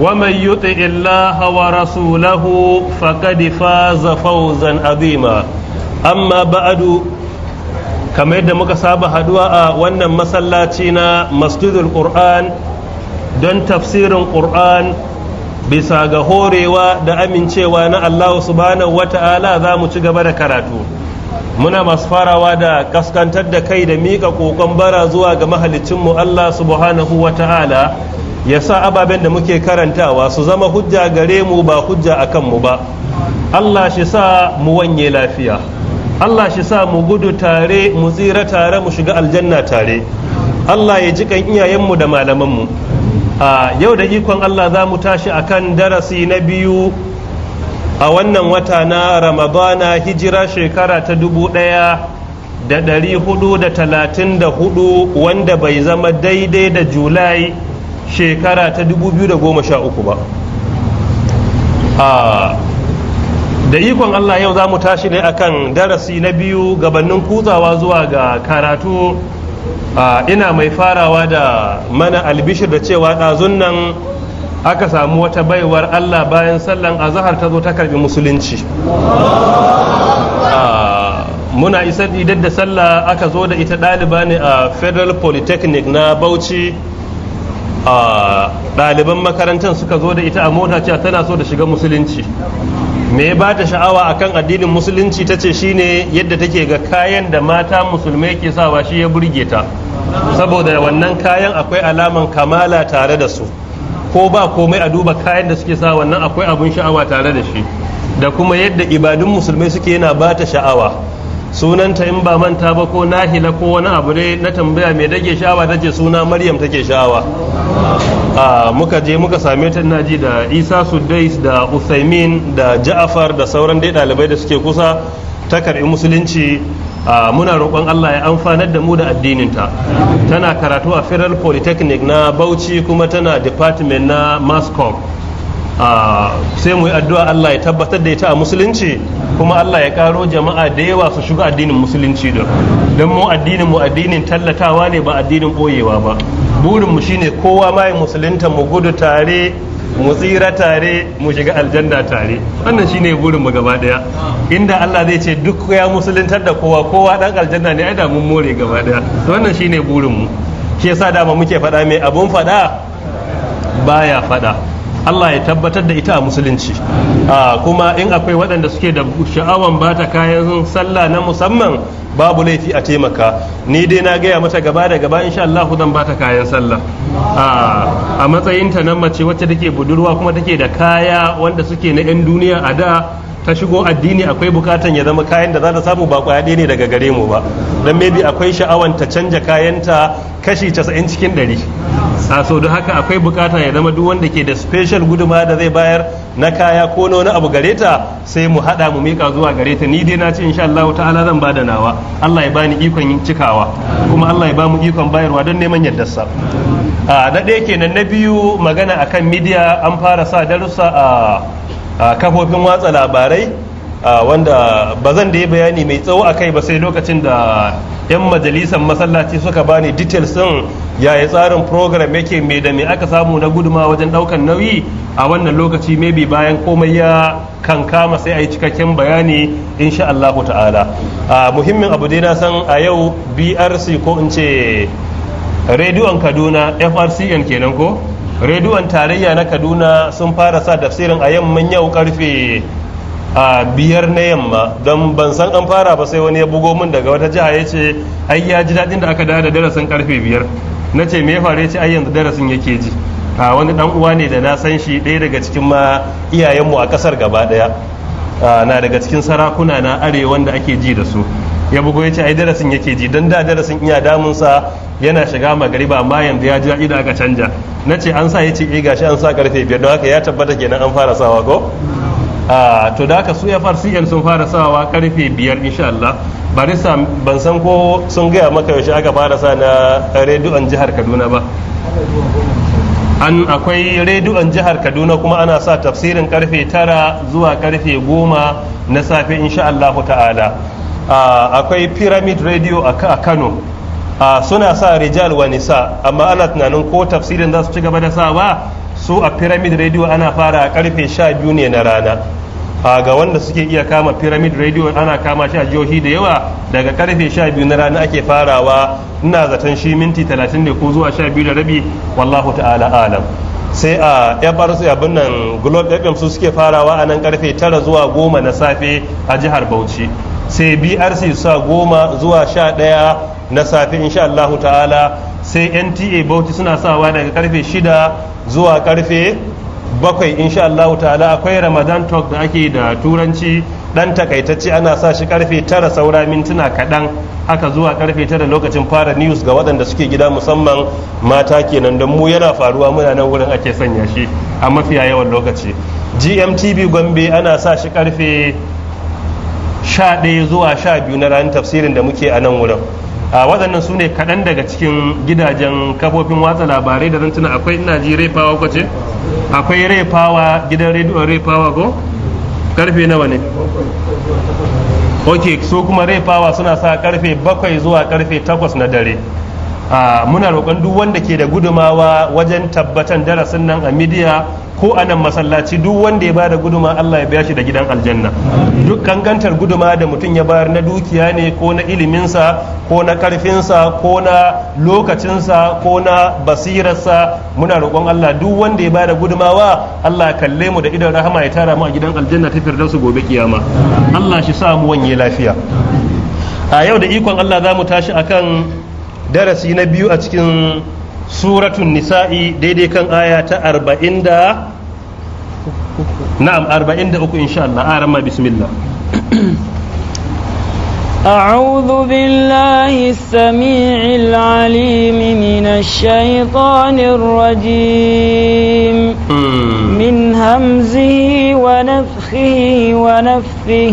ومن يطع الله ورسوله فقد فاز فوزا عظيما أما بعد كما يدى مكسابة هدواء وانا مسلاتنا مسجد القرآن دون تفسير القرآن bisa ga horewa da amincewa na Allah subhanahu wata'ala za mu ci gaba da karatu muna masu farawa da kaskantar da kai da miƙa kokon bara zuwa ga mahalicinmu Allah subhanahu wa ta'ala ya sa ababen da muke karantawa su zama hujja gare mu ba hujja a kanmu ba Allah shi sa mu wanye lafiya Allah shi sa mu gudu tare mu tsira tare mu shiga aljanna tare Allah ya ji kan iyayenmu da malamanmu a yau da ikon Allah za mu tashi akan darasi na biyu a wannan wata na ramadana hijira shekara ta dubu ɗaya da ɗari hudu da talatin da hudu wanda bai zama daidai da julai shekara ta dubu biyu da goma sha uku ba da ikon allah yau za mu tashi ne akan darasi na biyu gabanin kuzawa zuwa ga karatu ina mai farawa da mana albishir da cewa ɗazun nan aka samu wata baiwar Allah bayan sallan azahar ta zo ta karbi musulunci ah, muna isar idan da sallah aka zo da ita ɗaliba ne a federal polytechnic na bauchi ah, ɗaliban makarantar suka zo da ita a mota cewa tana so da shiga musulunci me ba ta sha'awa akan addinin musulunci ta ce shine yadda take ga kayan da mata musulmai ke sawa shi ya burge ta saboda wannan kayan akwai alaman kamala tare da su ko ba komai a duba kayan da suke sa wannan akwai abun sha'awa tare da shi da kuma yadda ibadun musulmai suke yana ba ta sha'awa sunanta in ba manta ba ko nahila ko wani abu ne na tambaya mai dage sha'awa ta ce suna maryam take sha'awa a muka je muka same ta ina ji da isa sudais da uthaymin da ja'afar da sauran dai ɗalibai da suke kusa ta karɓi musulunci muna roƙon Allah ya amfanar da mu da addininta tana karatu a federal polytechnic na bauchi kuma tana department na mascom sai mu yi addu'a Allah ya tabbatar da ita a musulunci kuma Allah ya karo jama'a da yawa su shiga addinin musulunci da don mu addinin mu addinin tallatawa ne ba addinin boyewa ba burinmu shine kowa mai musulunta mu gudu tare mu tsira tare mu shiga aljanna tare wannan shine burin gaba daya inda Allah zai ce duk ya musuluntar da kowa kowa dan aljanna ne ai da mun more gaba daya wannan shine burin mu shi yasa dama muke faɗa mai abun faɗa baya faɗa Allah ya tabbatar da ita a musulunci ah, kuma in akwai waɗanda suke da sha'awan ba ta kayan sallah na musamman babu laifi a taimaka ni dai na gaya mata gaba da gaba insha Allah zan ta kayan sallah ah, a matsayinta nan mace wacce take budurwa kuma take da kaya wanda suke na 'yan duniya a da ka shigo addini akwai bukatan ya zama kayan da za ta samu ba kwaya ne daga gare mu ba don maybe akwai sha'awan ta canja kayanta kashi 90 cikin 100 a so don haka akwai bukata ya zama duk wanda ke da special guduma da zai bayar na kaya ko na wani abu gare ta sai mu hada mu mika zuwa gare ta ni dai na ce insha Allah ta'ala zan bada nawa Allah ya bani ikon yin cikawa kuma Allah ya ba ikon bayarwa don neman a na ɗaya kenan na biyu magana akan midiya an fara sa darussa a kafofin watsa labarai wanda ba zan da yi bayani mai tsawo a kai ba sai lokacin da 'yan majalisar masallaci suka bani details din yaya tsarin program yake mai da mai aka samu na guduma wajen daukan nauyi a wannan lokaci maybe bayan komai ya kan kama sai a yi cikakken bayani insha Allah ta'ala muhimmin abu dai na san a yau brc ko in ce rediyon kaduna frcn kenan ko rediyon tarayya na kaduna sun fara sa tafsirin a yamman yau karfe a biyar na yamma don ban san an fara ba sai wani ya bugo min daga wata jiha ya ce ai ya ji daɗin da aka dawo da darasin karfe biyar na ce me ya faru ya ce ai yanzu darasin yake ji a wani dan uwa ne da na san shi ɗaya daga cikin ma iyayenmu a ƙasar gaba ɗaya na daga cikin sarakuna na arewa wanda ake ji da su ya bugo ya ce ai darasin yake ji don da darasin iya damunsa yana shiga magariba amma yanzu ya ji da aka canja na ce an sa ya ce ga eh, gashi an sa karfe biyar da haka ya tabbata kenan an fara sawa ko ah, to da haka su cn sun fara sawa karfe biyar insha Allah barista ban san ko sun gaya maka yaushe aka fara sa na rediyon jihar Kaduna ba an akwai rediyon jihar Kaduna kuma ana sa tafsirin karfe tara zuwa karfe goma na safe insha Allah ta'ala ah, akwai pyramid radio a Kano a suna sa rijal wa nisa amma ana tunanin ko tafsirin za su ci gaba da sa ba su a pyramid radio ana fara a karfe sha biyu ne na rana a ga wanda suke iya kama pyramid radio ana kama shi a jihohi da yawa daga karfe sha na rana ake farawa ina zaton shi minti talatin ne ko zuwa sha da rabi wallahu ta'ala alam sai a yabar abin nan globe fm su suke farawa a nan karfe tara zuwa goma na safe a jihar bauchi sai brc sa goma zuwa sha ɗaya na safe insha Allahu ta'ala sai NTA Bauchi suna sawa daga karfe shida zuwa karfe bakwai insha Allahu ta'ala akwai Ramadan talk da ake da turanci dan takaitacce ana sa shi karfe tara saura mintuna kaɗan haka zuwa karfe tara lokacin fara news ga waɗanda suke gida musamman mata kenan don mu yana faruwa muna nan wurin ake sanya shi a mafiya yawan lokaci gmtv gombe ana sa shi karfe 11 zuwa 12 na ranar tafsirin da muke a nan wurin A waɗannan su ne kaɗan daga cikin gidajen kafofin watsa labarai da zan tuna akwai ina ji refawa ko ce akwai refawa gidan rediyo refawa ko karfe nawa ne ok so kuma refawa suna sa karfe bakwai zuwa karfe takwas na dare muna roƙon duk wanda ke da gudumawa wajen tabbatan darasin nan a midiya ko a nan masallaci duk wanda ya bada guduma Allah ya biya shi da gidan aljanna duk kangantar guduma da mutum ya bayar na dukiya ne ko na iliminsa ko na karfinsa ko na lokacinsa ko na basirarsa muna roƙon Allah duk wanda ya bada gudumawa Allah kalle mu da idan rahama ya tara mu a gidan aljanna ta firdausu gobe kiyama Allah shi sa mu wanye lafiya a yau da ikon Allah za mu tashi akan darasi na biyu a cikin suratun nisa'i daidai kan aya ta arba'in da na'am arba'in da uku insha Allah a ramma bismillah أعوذ بالله السميع العليم من الشيطان الرجيم من همزه ونفخه ونفثه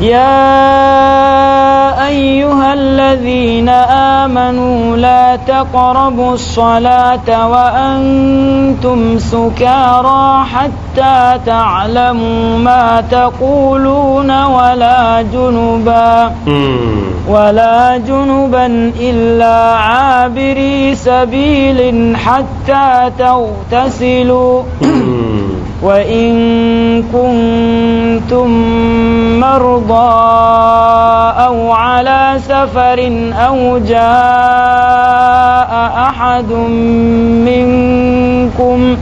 يا أيها الذين آمنوا لا تقربوا الصلاة وأنتم سكارى حتى تعلموا ما تقولون ولا جنبا ولا جنبا إلا عابري سبيل حتى تغتسلوا وإن كنتم مرضى أو على سفر أو جاء أحد منكم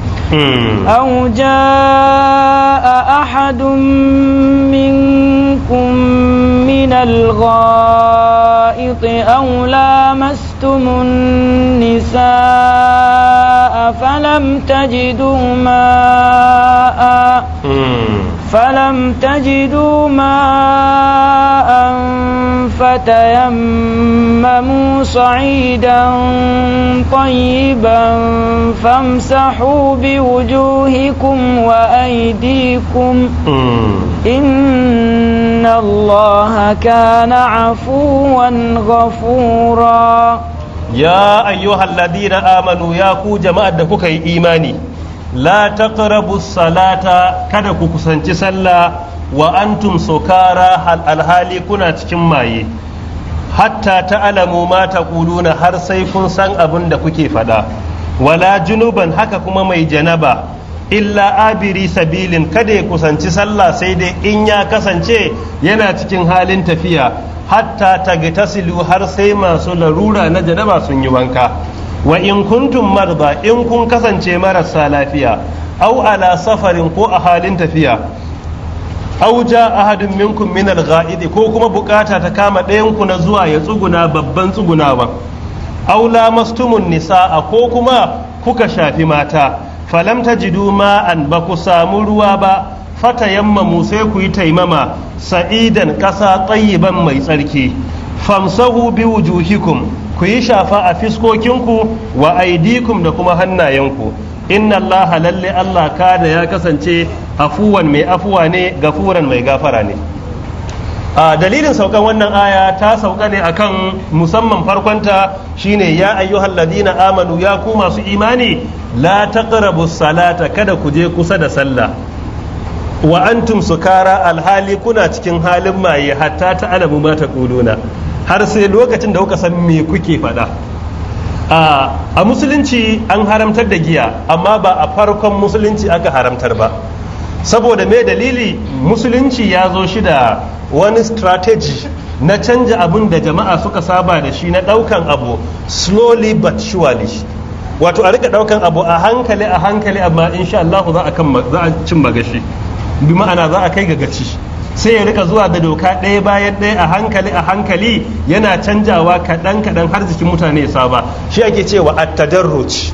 أو جاء أحد منكم من الغائط أو لامستم النساء فلم تجدوا ماء فلم تجدوا ماء فتيمموا صعيدا طيبا فامسحوا بوجوهكم وأيديكم إن الله كان عفوا غفورا ya ayyuhal ladina amanu ya ku jama'ar da kuka yi imani la taqrabu salata kada ku kusanci sallah wa antum sukara hal alhali kuna cikin maye hatta ta'lamu ma taquluna har sai kun san abin da kuke faɗa wala junuban haka kuma mai janaba illa abiri sabilin kada ya kusanci sallah sai dai in ya kasance yana cikin halin tafiya hatta tasilu har sai masu larura na janaba sun yi wanka wa in kuntum marda in kun kasance marasa lafiya au ala safarin ko a halin tafiya au ja ahadun minkum min al ko kuma bukata ta kama ɗayan ku na zuwa ya tsuguna babban tsugunawa au mastumun nisa'a ko kuma kuka shafi mata falam ta tajidu ma'an ba ku samu ruwa ba fata mu sai ku yi taimama sa'idan ƙasa tsayiban mai tsarki famsahu bi wujuhikum ku yi shafa a fiskokinku wa aidikum da kuma hannayenku inna laha lalle allah kada ya kasance afuwan mai afuwa ne gafuran mai gafara ne A dalilin saukan wannan aya ta sauka ne akan musamman farkonta shine ya ayyuhal ladina amanu ya ku masu imani la taqrabu salata kada ku je kusa da sallah wa antum sukara alhali kuna cikin halin maye hatta ta alamu ma ta kuluna har sai lokacin da kuka san me kuke faɗa a musulunci an haramtar da giya amma ba a farkon musulunci aka haramtar ba saboda me dalili musulunci ya zo shi da wani strategy na canja abin da jama'a suka saba da shi na daukan abu slowly but surely wato a rika daukan abu a hankali a hankali amma insha Allah za a kan za a cin magashi bi ma'ana za a kai ga gaci sai ya rika zuwa da doka ɗaya bayan ɗaya a hankali a hankali yana canjawa kaɗan kaɗan har jikin mutane ya saba shi ake cewa at-tadarruj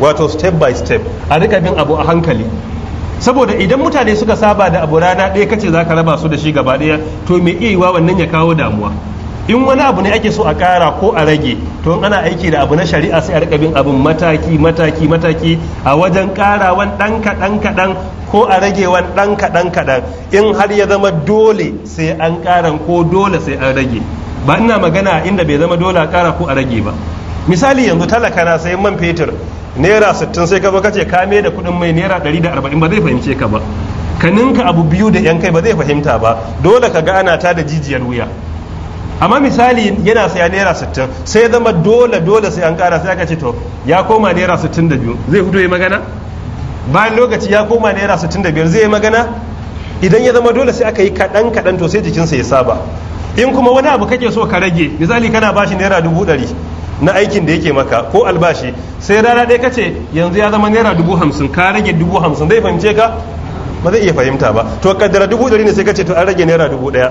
wato step by step a rika bin abu a hankali saboda idan mutane suka saba da abu rana ɗaya kace za ka raba su da shi gaba ɗaya to mai iya yiwa wannan ya kawo damuwa in wani abu ne ake so a ƙara ko a rage to ana aiki da abu na shari'a sai a rika bin abin mataki mataki mataki a wajen ƙarawan ɗan kaɗan kaɗan ko a ragewan ɗan kaɗan kaɗan in har ya zama dole sai an ƙaran ko dole sai an rage ba ina magana inda bai zama dole a ƙara ko a rage ba misali yanzu talaka na sayan man fetur naira 60 sai ka zo kace ka me da kudin mai naira 140 ba zai fahimce ka ba ka ninka abu biyu da yan kai ba zai fahimta ba dole ka ga ana ta da jijiyar wuya amma misali yana saya naira 60 sai zama dole dole sai an kara sai aka ce to ya koma naira 62 zai fito yi magana bayan lokaci ya koma naira 65 zai yi magana idan ya zama dole sai aka yi kaɗan kaɗan to sai jikinsa ya saba in kuma wani abu kake so ka rage misali kana bashi naira dubu ɗari na aikin da yake maka ko albashi sai rana ɗaya kace yanzu ya zama naira dubu hamsin ka rage dubu hamsin zai fahimce ka ba zai iya fahimta ba to kaddara dubu ɗari ne sai kace to an rage naira dubu ɗaya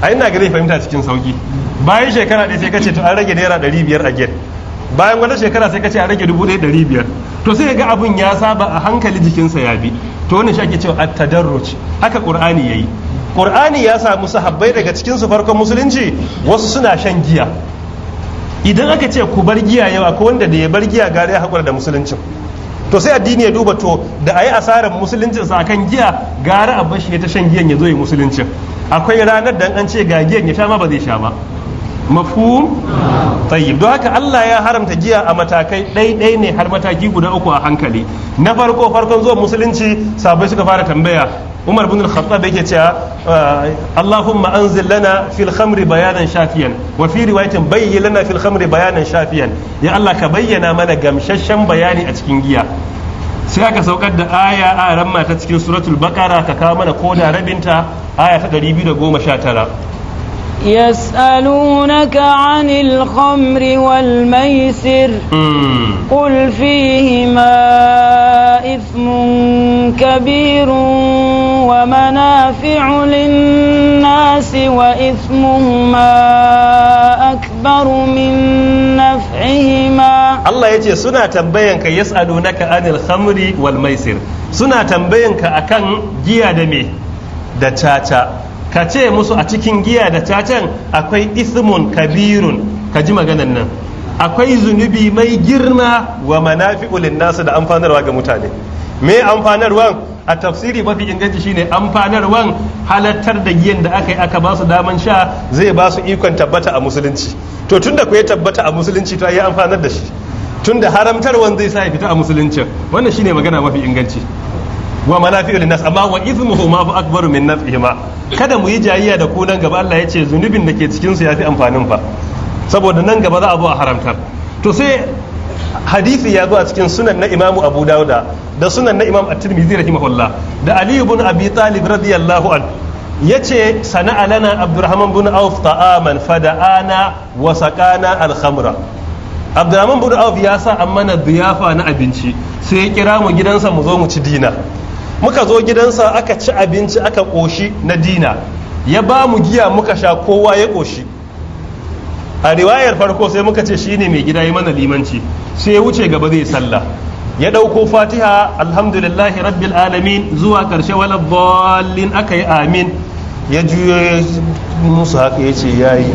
a ina ga zai fahimta cikin sauki bayan shekara ɗaya sai kace to an rage naira ɗari biyar a get bayan wata shekara sai kace an rage dubu ɗaya ɗari biyar to sai ga abun ya saba a hankali jikinsa ya bi to wannan shi ake cewa at-tadarruj haka qur'ani yayi qur'ani ya samu sahabbai daga cikin su farkon musulunci wasu suna shan giya idan aka ce ku bar giya yawa ko wanda da ya bar giya gare ya hakura da musuluncin to sai addini ya duba to da ayi asarar musuluncin sa akan giya gara a bashi ta shan giyan ya zo ya musuluncin akwai ranar da an ce ga giyan ya sha ma ba zai sha ba mafhum tayyib don haka Allah ya haramta giya a matakai ɗaiɗai ne har mataki guda uku a hankali na farko farkon zuwa musulunci sabai suka fara tambaya Umar bin al-Khattab yake cewa ah, Allahumma anzil lana fil bayanan shafiyan wa fi riwayatin bayyin lana fil bayanan shafiyan ya Allah ka bayyana mana gamsasshen bayani a cikin giya sai aka saukar da aya a ran mata cikin suratul baqara ka kawo mana koda rabinta aya ta 219 يسألونك عن الخمر والميسر قل فيهما إثم كبير ومنافع للناس وإثمهما أكبر من نفعهما الله يجي سنة تنبينك يسألونك عن الخمر والميسر سنة تنبينك أكن جيادمي da tata ka ce musu a cikin giya da cacan akwai ismun kabirun ka ji maganan nan akwai zunubi mai girma wa manafi manafi'ulin nasu da amfanarwa ga mutane me amfanarwan a tafsiri mafi inganci shine amfanarwan halattar da giyan da aka yi aka ba su daman sha zai ba su ikon tabbata a musulunci to tunda ku yi tabbata a musulunci to yi amfanar da shi tunda haramtarwan zai sa ya fita a musulunci wannan shine magana mafi inganci wa manafi'u linnas amma wa ithmuhu ma fa akbaru min naf'ihima kada mu yi jayiya da ku nan gaba Allah ya ce zunubin da ke cikin su yafi amfanin fa saboda nan gaba za a zo a haramtar to sai hadisi ya zo a cikin sunan na imamu abu dauda da sunan na imam at-tirmidhi rahimahullah da ali ibn abi talib radiyallahu an yace sana'a alana abdurrahman ibn auf ta'aman fada'ana wa saqana al-khamra abdurrahman ibn auf ya sa mana biyafa na abinci sai ya kira mu gidansa mu zo mu ci dina muka zo gidansa aka ci abinci aka ƙoshi na dina ya ba mu giya muka sha kowa ya ƙoshi a riwayar farko sai muka ce shine mai gida yi mana limanci sai ya wuce gaba zai sallah ya ɗauko fatiha alhamdulillahi rabbil alamin zuwa ƙarshe wala ballin aka yi amin ya juyo musu haka ya ce ya yi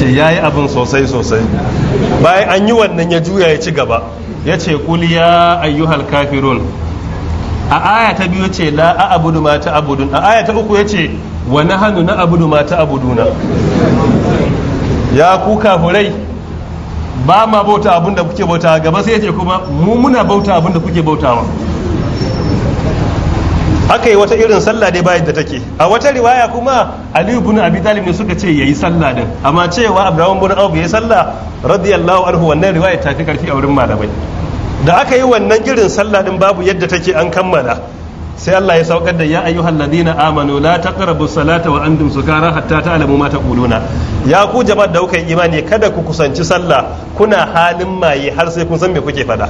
ce ya yi abin sosai sosai bayan an yi wannan ya juya ya ci gaba ya ce ya ayyuhal kafirun a aya ta biyu ce la a abudu ma ta abudun a aya ta uku ya ce wa na hannu na abudu ma ta abuduna ya kuka hurai ba ma bauta abin da kuke bauta gaba sai ya ce kuma mu muna bauta abin da kuke bautawa Aka yi wata irin sallah dai bayan da take a wata riwaya kuma Aliyu bin abi talib ne suka ce ya yi sallah din amma cewa abdurrahman ibn auf yayi sallah radiyallahu anhu wannan riwaya ta fi karfi a wurin malamai da aka yi wannan irin sallah din babu yadda take an kammala sai Allah ya saukar da ya ayyuhal ladina amanu la taqrabu salata wa antum sukara hatta ta'lamu ma taquluna ya ku jama'ar da kuka yi imani kada ku kusanci sallah kuna halin maye har sai kun san me kuke faɗa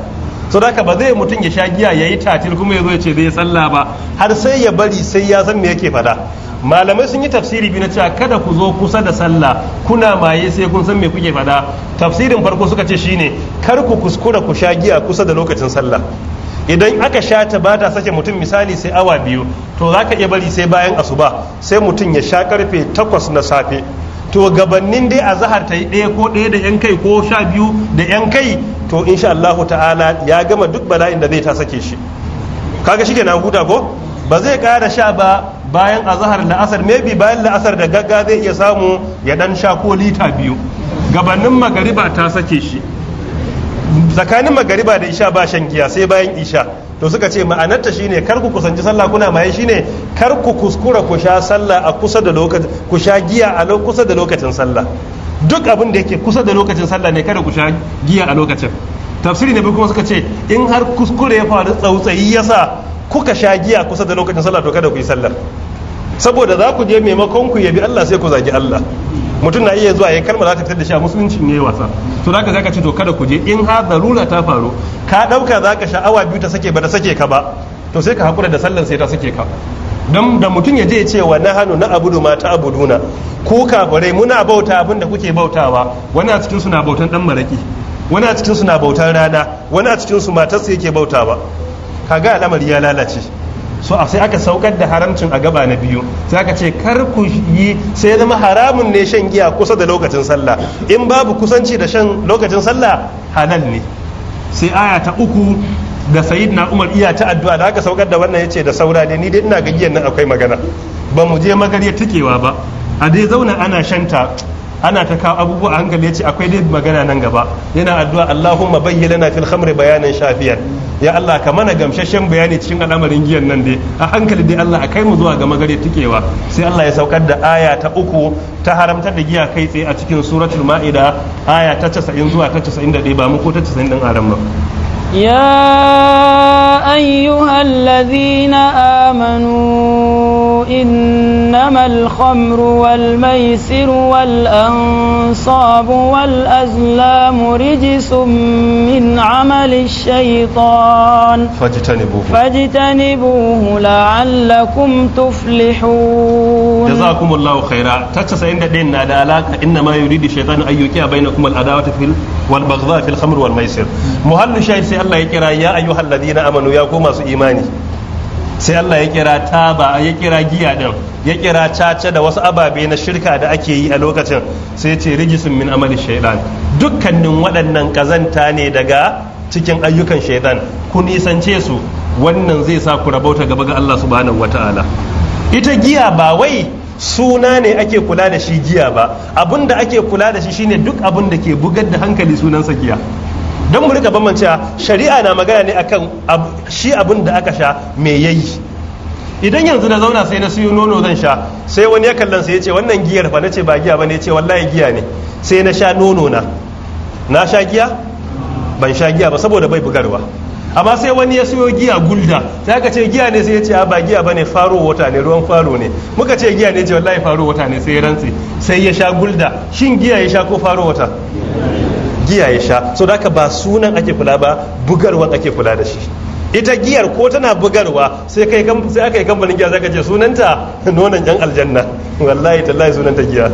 so haka ba zai mutum ya sha giya yayi tatil kuma ya zo ya ce zai sallah ba har sai ya bari sai ya san me yake fada malamai sun yi tafsiri biyu na cewa kada ku zo kusa da sallah kuna maye sai kun san me kuke fada tafsirin farko suka ce shine kar ku kuskura ku sha giya kusa da lokacin sallah idan aka sha ta ba ta sake mutum misali sai awa biyu to za ka iya bari sai bayan asuba sai mutum ya sha karfe takwas na safe to gabanin dai a zahar ta yi ɗaya ko ɗaya da yan kai ko sha biyu da yan kai to insha Allah ta'ala ya gama duk bala'in da zai ta sake shi kaga shi na huta ko ba zai kara sha ba bayan zahar la'asar maybe bayan la'asar da gagga zai iya samu ya dan sha ko lita biyu gabanin magariba ta sake shi tsakanin magariba da isha ba shan giya sai bayan isha to suka ce ma'anarta shine kar ku kusanci sallah kuna maye shine kar ku kuskura ku sha sallah a kusa da lokacin ku sha giya a kusa da lokacin sallah duk abin da yake kusa da lokacin sallah ne kada ku sha giya a lokacin tafsiri ne kuma suka ce in har kuskure ya faru tsautsayi yasa kuka sha giya kusa da lokacin sallah to kada ku yi sallar saboda za ku je maimakon ku yabi Allah sai ku zagi Allah mutum na iya zuwa ya kalma za ta fitar da shi a musuluncin ne wasa to ka zaka ce to kada ku je in har zarura ta faru ka dauka zaka sha'awa biyu ta sake ba ta sake ka ba to sai ka hakura da sallan sai ta sake ka dan da mutum ya je ya ce wa na hannu na abudu ma ta abuduna ku kafirai muna bauta abin da kuke bautawa wani a cikin na bautan dan maraki wani a cikin na bautan rana wani a cikin su matarsa yake bautawa kaga al'amari ya lalace so a sai aka saukar da haramcin a gaba na biyu sai aka ce kar ku yi sai zama haramun ne shan giya kusa da lokacin sallah in babu kusanci da shan lokacin sallah halal ne sai aya ta uku da sayid na umar iya ta addu'a da aka saukar da wannan ya ce da saura ne ni dai ina ga giyan nan akwai magana ba mu je magariya tikewa ba a dai zauna ana shanta ana ta kawo abubuwa a hankali ya ce akwai dai magana nan gaba yana addu'a Allahumma bayyana fil khamri bayanan shafiyan ya Allah ka mana gamsashen bayani cikin al'amarin giyan nan dai a hankali dai Allah a kai mu zuwa ga magare tikewa sai Allah ya saukar da aya ta uku ta haramtar da giya kai tsaye a cikin suratul ma'ida aya ta 90 zuwa ta 91 ba mu ko ta 90 din aran ba ya ayyuhal amanu إنما الخمر والميسر والأنصاب والأزلام رجس من عمل الشيطان فاجتنبوه فاجتنبوه لعلكم تفلحون جزاكم الله خيرا تتسعين دين على علاقة إنما يريد الشيطان أن يوقع بينكم العداوة في والبغضاء في الخمر والميسر مهل شيء الله يكرا يا أيها الذين آمنوا يا كوما إيماني sai Allah ya kira taba ya kira giya din ya kira caca da wasu ababe na shirka da ake yi a lokacin sai ce rijisun min amali shaidan dukkanin waɗannan kazanta ne daga cikin ayyukan shaidan ku nisance su wannan zai sa ku rabauta gaba ga Allah subhanahu wataala ita giya ba wai suna ne ake kula da shi giya ba abin da ake kula da shi shine duk abin da ke bugar da hankali sunansa giya don mu rika bambancewa shari'a na magana ne akan shi abin da aka sha me yayi idan yanzu na zauna sai na siyo nono zan sha sai wani ya kallon sai ya ce wannan giyar fa nace ba giya bane ce wallahi giya ne sai na sha nono na na sha giya ban sha giya ba saboda bai bugarwa amma sai wani ya siyo giya gulda sai aka ce giya ne sai ya ce ba giya bane faro wata ne ruwan faro ne muka ce giya ne ce wallahi faro wata ne sai ya rantsi sai ya sha gulda shin giya ya sha ko faro wata giya ya sha so da aka ba sunan ake kula ba bugarwan ake kula da shi ita giyar ko tana bugarwa sai aka yi kamfanin giya zaka ce sunanta nonon yan aljanna wallahi tallahi sunanta giya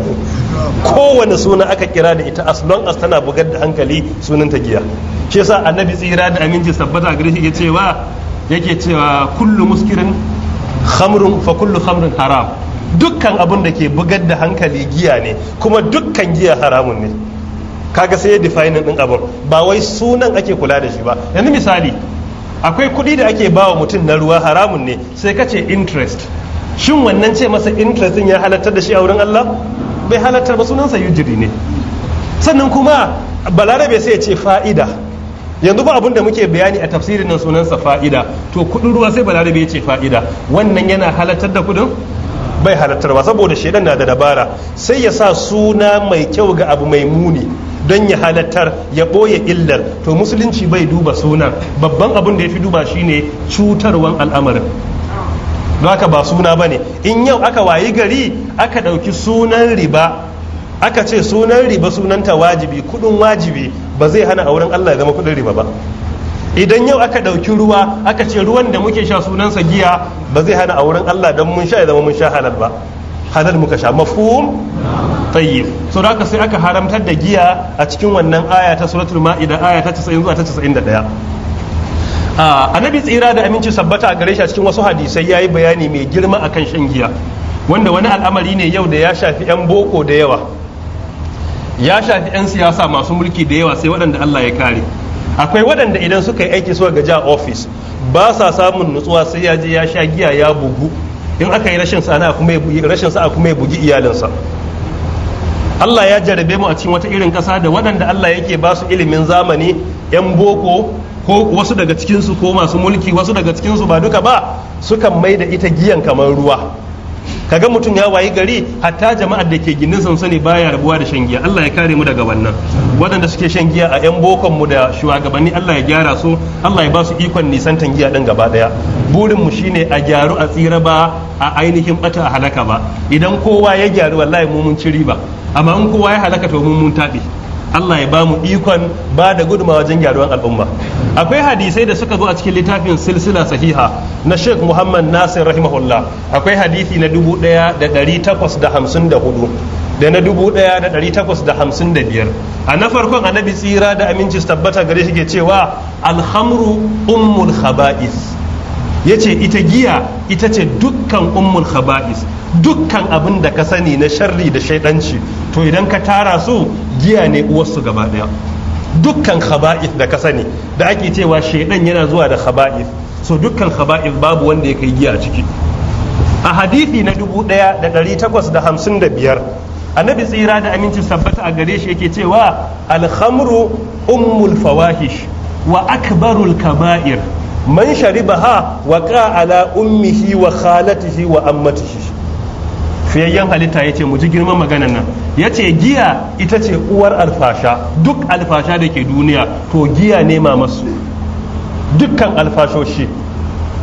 kowane suna aka kira da ita as long as tana bugar da hankali sunanta giya shi yasa annabi tsira da aminci sabbata gare shi yake cewa yake cewa kullu muskirin khamrun fa kullu khamrin haram dukkan abun da ke bugar da hankali giya ne kuma dukkan giya haramun ne kaga sai ya define din abin ba wai sunan ake kula da shi ba yanzu misali akwai kuɗi da ake wa mutum na ruwa haramun ne sai ka ce interest shin wannan ce masa interest din ya halartar da shi a wurin Allah bai halartar ba sunansa yujiri ne sannan kuma balarabe sai ya ce fa'ida yanzu ba abin da muke bayani a tafsirin nan sunansa fa'ida to kuɗin ruwa sai balarabe ya ce fa'ida wannan yana halartar da kuɗin bai halartar ba saboda shaidan na da dabara sai ya sa suna mai kyau ga abu mai muni don ya halattar ya ɓoye illar to musulunci bai duba sunan babban abin da ya fi duba shine cutarwan al'amarin haka ba suna ba ne in yau aka wayi gari aka ɗauki sunan riba aka ce sunan riba sunanta wajibi kudin wajibi ba zai hana a wurin allah ya zama kudin riba ba idan yau aka ɗauki ruwa aka ce ruwan da muke sha sunansa giya ba zai hana a wurin allah don mun sha ya zama mun sha halal ba halal muka sha mafhum at-tayyib so da sai aka haramtar da giya a cikin wannan aya ta suratul ma'ida aya ta 90 zuwa ta 91 ah, annabi tsira da aminci sabbata a gare shi a cikin wasu hadisai yayi bayani mai girma akan shan giya wanda wani al'amari ne yau da ya shafi yan boko da yawa ya shafi yan siyasa masu mulki da yawa sai waɗanda Allah ya kare akwai waɗanda idan suka yi aiki suka gaja a ofis ba sa samun nutsuwa sai ya je ya sha giya ya bugu in aka yi rashin sa kuma ya bugi iyalinsa Allah ya jarabe mu a cikin wata irin kasa da waɗanda Allah yake ba su ilimin zamani 'yan boko ko wasu daga cikinsu ko masu mulki wasu daga cikinsu ba duka ba sukan mai da ita giyan kamar ruwa kaga mutum ya wayi gari hatta jama'ar da ke gindin sansani baya rabuwa da shan giya Allah ya kare mu daga wannan waɗanda suke shan giya a 'yan bokon mu da shugabanni Allah ya gyara su Allah ya ba su ikon nisantan giya din gaba ɗaya burin mu shine a gyaru a tsira ba a ainihin bata a halaka ba idan kowa ya gyaru wallahi mu mun ci riba amma in kowa ya halaka to mun mun Allah ya bamu ikon ba da gudunmawa wajen gyaruwan al'umma akwai hadisai da suka zo a cikin littafin silsila sahiha na Sheikh Muhammad Nasir rahimahullah akwai hadisi na 1854 da na 1855 a na farkon annabi tsira da aminci tabbata gare shi ke cewa alhamru ummul khaba'is ya ce ita giya ita ce dukkan ummul khaba'is dukkan abin da ka sani na sharri da shaidanci to idan ka tara su giya ne uwarsu gaba daya dukkan khaba'is da ka sani da ake cewa shaidan yana zuwa da khaba'is so dukkan khaba'is babu wanda ya kai giya a ciki a hadithi na 1855 annabi tsira da aminci sabbata a gare shi yake cewa alhamru ummul fawahish wa akbarul kaba'ir man ha wa ala ummihi wa khalatihi wa ammatihi fiyayyen halitta yace mu ji girman maganan nan yace giya ita ce uwar alfasha duk alfasha da ke duniya to giya ne masu dukkan alfashoshi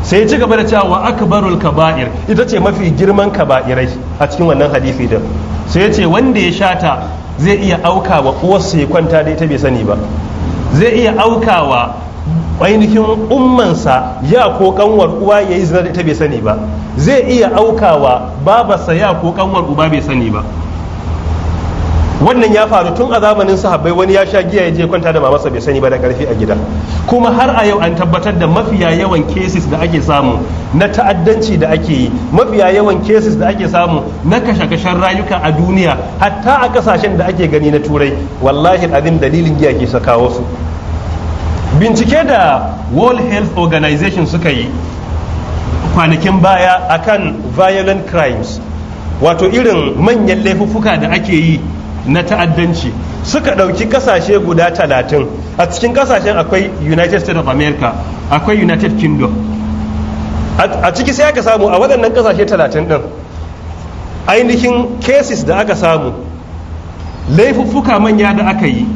sai ya ci gaba da cewa akbarul kaba'ir ita ce mafi girman kaba'irai a cikin wannan hadisi din sai ya ce wanda ya shata zai iya aukawa uwarsa ya kwanta da ita bai sani ba zai iya aukawa ainihin ummansa ya ko kanwar uwa ya yi zina da ita bai sani ba zai iya aukawa babarsa ya ko kanwar uba bai sani ba wannan ya faru tun a zamanin sahabbai wani ya sha giya ya je kwanta da mamarsa bai sani ba da karfi a gida kuma har a yau an tabbatar da mafiya yawan cases da ake samu na ta'addanci da ake yi mafiya yawan cases da ake samu na kashe-kashen rayuka a duniya hatta a kasashen da ake gani na turai wallahi abin dalilin giya ke sakawo su bincike da world health organization suka yi kwanakin baya akan violent crimes wato irin manyan laifuffuka da ake yi na ta'addanci suka ɗauki ƙasashe guda talatin a cikin ƙasashen akwai united states of america akwai united kingdom a ciki sai aka samu a waɗannan ƙasashe talatin ɗin ainihin cases da aka samu laifuffuka manya da aka yi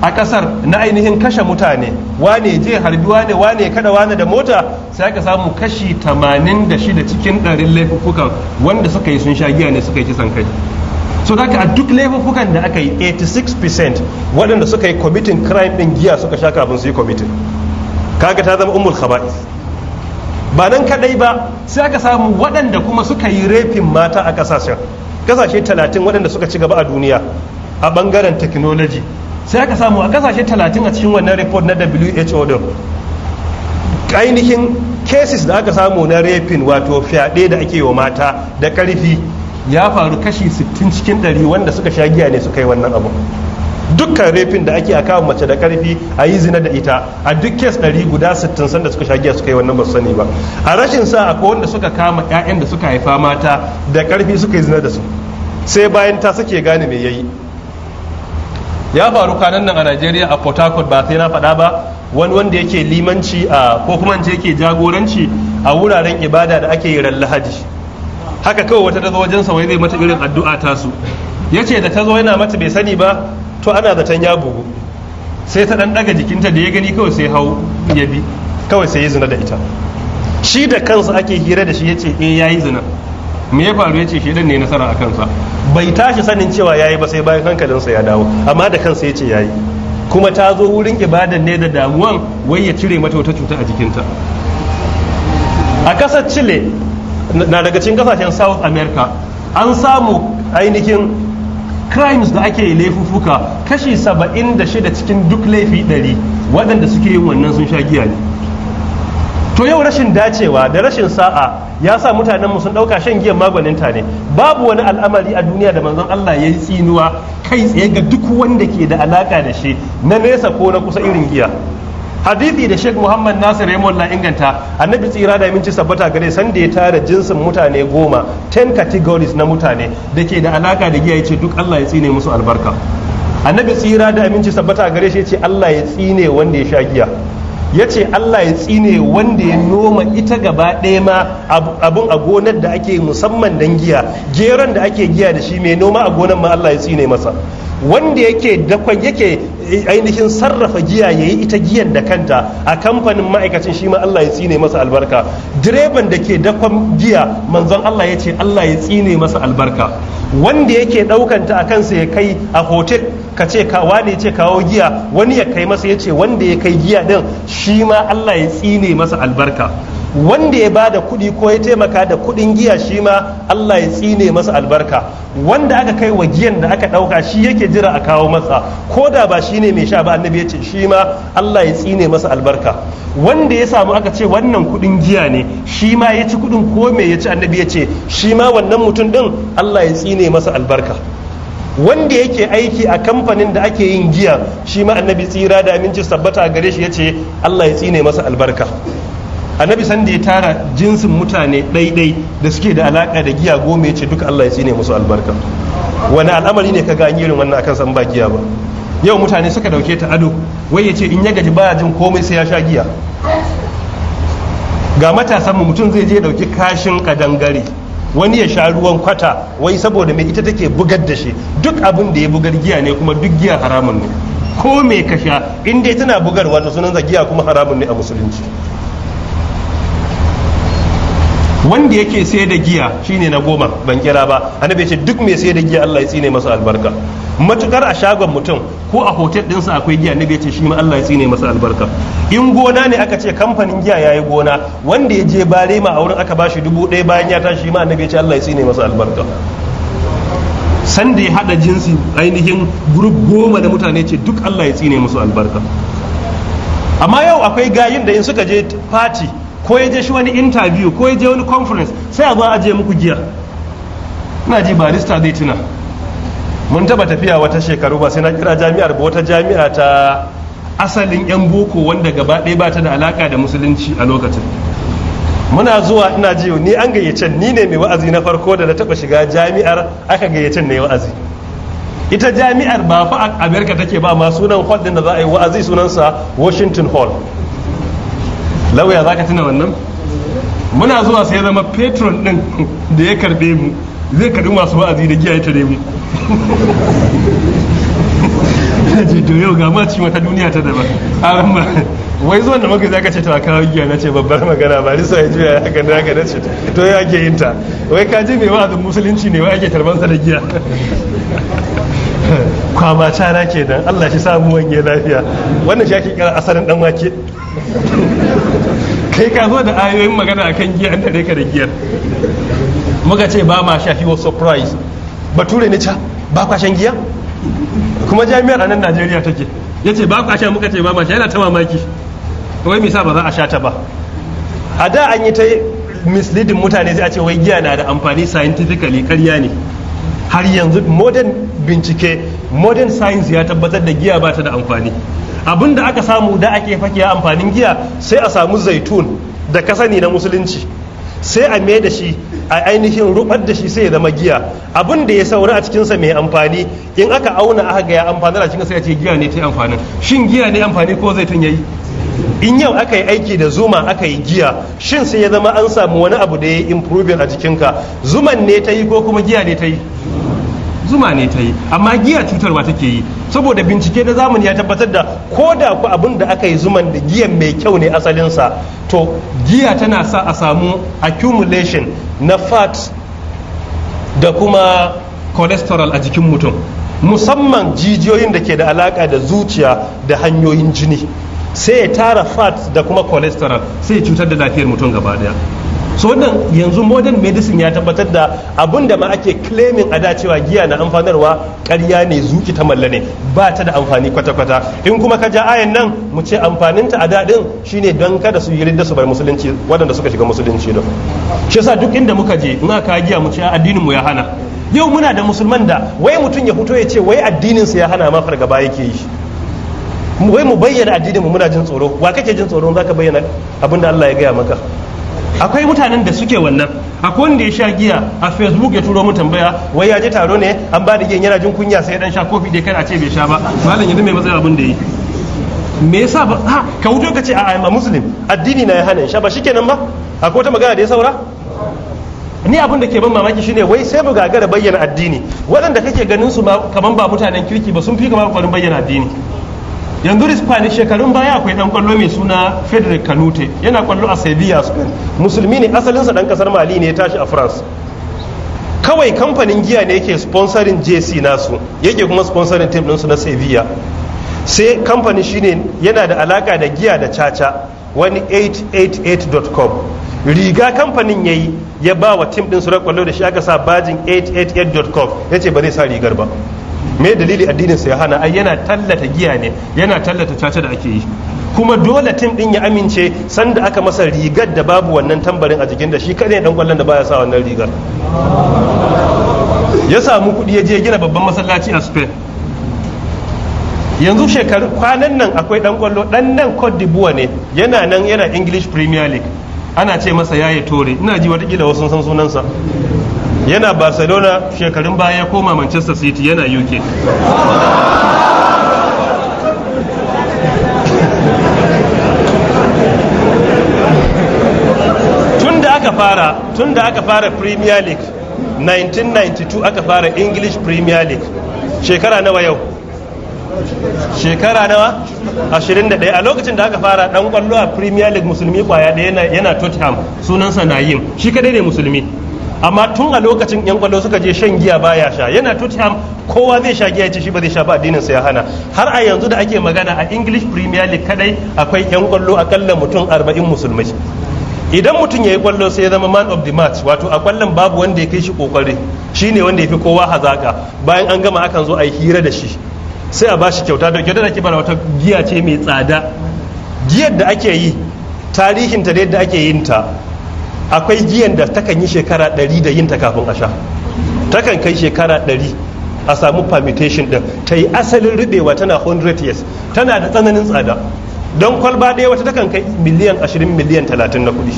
a kasar na ainihin kashe mutane wane je harbi ne wane kada wane da mota sai aka samu kashi 86 cikin ɗarin laifukan wanda suka yi sun sha giya ne suka yi kisan kai so da a duk laifukan da aka yi 86% waɗanda suka yi kwamitin crime ɗin giya suka sha kafin su yi kwamitin kaga ta zama umul khaba'is ba nan kadai ba sai aka samu waɗanda kuma suka yi rafin mata a ƙasashen ƙasashe 30 waɗanda suka ci gaba a duniya a ɓangaren technology sai aka samu a kasashe 30 a cikin wannan report na who din ainihin cases da aka samu na rapin wato fyaɗe da ake wa mata da ƙarfi ya faru kashi 60 cikin 100 wanda suka sha giya ne suka yi wannan abu dukkan rafin da ake akawo mace da karfi a yi zina da ita a duk kes ɗari guda sittin sanda suka shagiya suka yi wannan ba sani ba a rashin sa a wanda suka kama ƴaƴan da suka haifa mata da karfi suka yi zina da su sai bayan ta suke gane me yayi ya faru kanan nan a Najeriya a Port Harcourt ba sai na faɗa ba wani wanda yake limanci a ko kuma ce yake jagoranci a wuraren ibada da ake yi ran Lahadi haka kawai wata ta zo wajen sa wai zai mata irin addu'a ta su yace da ta zo yana mata bai sani ba to ana zaton ya bugu sai ta dan daga jikinta da ya gani kawai sai hau ya bi kawai sai ya zina da ita shi da kansa ake hira da shi yace eh yayi zina me ya faru ya ce shi dan ne nasara a kansa bai tashi sanin cewa yayi ba sai bayan hankalinsa ya dawo amma da kansa ya ce yayi kuma ta zo wurin ibadan ne da damuwan wai ya cire mata wata cuta a jikinta a kasar chile na daga cikin kasashen south america an samu ainihin crimes da ake laifuka kashi 76 cikin duk laifi 100 waɗanda suke yin wannan sun sha giya ne to yau rashin dacewa da rashin sa'a ya sa mutanen mu sun dauka shan giyan ta ne babu wani al'amari a duniya da manzon Allah ya yi tsinuwa kai tsaye ga duk wanda ke da alaka da shi na nesa ko na kusa irin giya hadithi da Sheikh Muhammad Nasir Raymond la inganta annabi tsira da minci sabbata gare san da ya tara jinsin mutane goma 10 categories na mutane da ke da alaka da giya yace duk Allah ya tsine musu albarka annabi tsira da aminci sabbata gare shi yace Allah ya tsine wanda ya sha giya ya ce Allah ya tsine wanda ya noma ita gaba ɗaya ma abun a gonar da ake musamman dan giya geron da ake giya da shi mai noma a gonar ma Allah ya tsine masa wanda yake dakon yake ainihin sarrafa giya ya yi ita giyan da kanta a kamfanin ma'aikacin shi ma Allah ya tsine masa albarka direban da ke dakon giya manzon Allah ya ce Allah ya tsine masa albarka wanda yake ɗaukanta a kansa ya kai a hotel ka ce kawa ne ce kawo giya wani ya kai masa ya ce wanda ya kai giya din shi ma Allah ya tsine masa albarka wanda ya ba da kuɗi ko ya taimaka da kuɗin giya shi ma Allah ya tsine masa albarka wanda aka kai wa giyan da aka ɗauka shi yake jira a kawo masa ko da ba shi ne mai sha ba annabi ya ce shi ma Allah ya tsine masa albarka wanda ya samu aka ce wannan kuɗin giya ne shi ma ya ci kuɗin ko me ya ci annabi ya ce shi ma wannan mutum ɗin Allah ya tsine masa albarka wanda yake aiki a kamfanin da ake yin giya shi ma annabi tsira da aminci sabbata gare shi ya ce Allah ya tsine masa albarka annabi san da ya tara jinsin mutane ɗaiɗai da suke da alaƙa da giya goma ya ce duka Allah ya tsine musu albarka wani al'amari ne ka ga irin wannan akan san ba giya ba yau mutane suka dauke ta ado wai ya ce in ya gaji baya jin komai sai ya sha giya ga matasan mu mutum zai je dauki kashin kadangare wani ya sha ruwan kwata wai saboda mai ita take bugar da shi duk abin da ya bugar giya ne kuma duk giya haramun ne ko me ka sha in dai tana bugar wata sunan giya kuma haramun ne a musulunci wanda yake sai da giya shine na goma ban kira ba annabi ce duk mai sai da giya Allah ya tsine masa albarka matukar a shagon mutum ko a hotel dinsa akwai giya annabi ce shi ma Allah ya tsine masa albarka in gona ne aka ce kamfanin giya yayi gona wanda ya je bare ma a wurin aka bashi dubu ɗaya bayan ya tashi ma annabi ce Allah ya tsine masa albarka sanda ya hada jinsi ainihin grup goma da mutane ce duk Allah ya tsine musu albarka amma yau akwai gayin da in suka je fati ko ya je shi wani interview ko ya je wani conference sai a ba je muku giya ina ji barista zai tuna mun taba tafiya wata shekaru ba sai na kira jami'ar ba wata jami'a ta asalin yan boko wanda gaba ɗaya ba ta da alaka da musulunci a lokacin muna zuwa ina ji ni an gayyace ni ne mai wa'azi na farko da na taba shiga jami'ar aka gayyace ne wa'azi ita jami'ar ba fa a america take ba ma sunan hall din da za a yi wa'azi sunansa washington hall lauya za ka tuna wannan muna zuwa sai zama patron din da ya karbe mu zai karbi masu wa'azi da giya ya tare mu to yau ga ma ci mata duniya ta daban amma wai zuwan da muka za ka ce ta kawo giya na ce babbar magana ba lisa ya juya ya gani haka na ce to ya ke yin ta wai ka ji mai wa'azin musulunci ne wai ake sa da giya kwama cara kenan Allah shi samu wanye lafiya wannan shi ake kira asarin dan wake kai ka zo da ayoyin magana akan giyar da ka da giyar muka ce ba ma shafi wa surprise bature ne ca ba kwashen kuma jami'ar anan najeriya take ya ce ba kwashen muka ce ba ma yana ta mamaki wai misa ba za a sha ta ba a da an yi ta misleading mutane sai a ce wai giya na da amfani scientifically karya ne har yanzu modern bincike modern science ya tabbatar da giya ba ta da amfani abin da aka samu da ake fakiya amfanin giya sai a samu zaitun da kasani na musulunci sai a mai da shi a ainihin rubar da shi sai ya zama giya abin da ya saura a cikinsa mai amfani in aka auna aka ga ya amfani a cikin sai a ce giya ne ta amfanin shin giya ne amfani ko zaitun yi? in yau aka yi aiki da zuma aka yi giya shin sai ya zama an samu wani abu da ya yi improving a jikinka zuman ne ta yi ko kuma giya ne ta yi zuma ne ta yi amma giya cutarwa take yi saboda bincike na zamani ya tabbatar da ko da ku abin da aka yi zuman da giyan mai kyau ne asalinsa to giya tana sa a samu accumulation na fat da kuma cholesterol a jikin mutum musamman jijiyoyin da ke da alaka da zuciya da hanyoyin jini sai ya tara fat da kuma cholesterol sai cutar da lafiyar mutum gaba daya so wannan yanzu modern medicine ya tabbatar da abun da ma ake claiming a da cewa giya na amfanarwa ƙarya ne zuki ta malla ne ba ta da amfani kwata-kwata in kuma ka ja ayan nan mu ce amfaninta a daɗin shine don kada su yi ridda su bar musulunci waɗanda suka shiga musulunci da shi yasa duk inda muka je in ka giya mu ce addinin mu ya hana yau muna da musulman da wai mutum ya fito ya ce wai addinin sa ya hana ma fargaba yake yi wai mu bayyana addinin mu muna jin tsoro wa kake jin tsoro zaka bayyana abin da Allah ya gaya maka akwai mutanen da suke wannan akwai wanda ya sha giya a facebook ya turo mu tambaya wai ya je taro ne an ba da giyan yana jin kunya sai dan sha kofi dai kada a ce bai sha ba malam yanzu mai matsayin abin da yi me yasa ba ha ka wuto ka ce a I'm a muslim addini na ya hana sha ba shikenan ba akwai wata magana da ya saura ni abin da ke ban mamaki shine wai sai mu gagara bayyana addini waɗanda kake ganin su kaman ba mutanen kirki ba sun fi kamar kokarin bayyana addini yanzu rispani shekarun baya akwai dan kwallo mai suna frederick kanute yana kwallo a sevilla spain musulmi ne asalinsa dan kasar mali ne ya tashi a france kawai kamfanin giya ne yake sponsorin jc nasu yake kuma sponsorin team su na sevilla sai kamfanin shine yana da alaka da giya da caca wani 888.com riga kamfanin yayi ya ba wa tim din su kwallo da shi aka sa bajin 888.com ce ba zai sa rigar ba me dalili addinin sa ya hana ai yana tallata giya ne yana tallata caca da ake yi kuma dole tim din ya amince sanda aka masa rigar da babu wannan tambarin a jikin da shi kadai dan kwallon da baya sa wannan rigar ya samu kuɗi ya je gina babban masallaci a Spain yanzu shekaru kwanan nan akwai dan kwallo dan nan Cote d'Ivoire ne yana nan yana English Premier League ana ce masa yaya tore ina ji wata kila wasu san sunansa yana barcelona shekarun baya ya koma manchester city yana uk tun da aka fara tun da aka fara premier league 1992 aka fara english premier league shekara nawa yau shekara nawa 21 a lokacin da aka fara dan kwallo a premier league musulmi kwaya da yana tottenham sunansa yin shi kadai ne musulmi amma tun a lokacin yan kwallo suka je shan giya baya sha yana Tottenham kowa zai sha giya ce shi ba zai sha ba addinin sa ya hana har a yanzu da ake magana a English Premier League kadai akwai yan kwallo akalla mutum 40 musulmai idan mutum ya yi kwallo sai ya zama man of the match wato a kwallon babu wanda ya kai shi kokari shine wanda ya fi kowa hazaka bayan an gama akan zo a yi hira da shi sai a ba shi kyauta da kyauta da ke bara wata giya ce mai tsada giyar da ake yi tarihinta da yadda ake yin ta akwai giyan da takan yi shekara ɗari da yin ta kafin a sha takan kai shekara ɗari a samu permutation ɗin ta yi asalin ribewa tana 100 years tana da tsananin tsada don kwalba ɗaya wata takan kai miliyan 20 miliyan 30 na kuɗi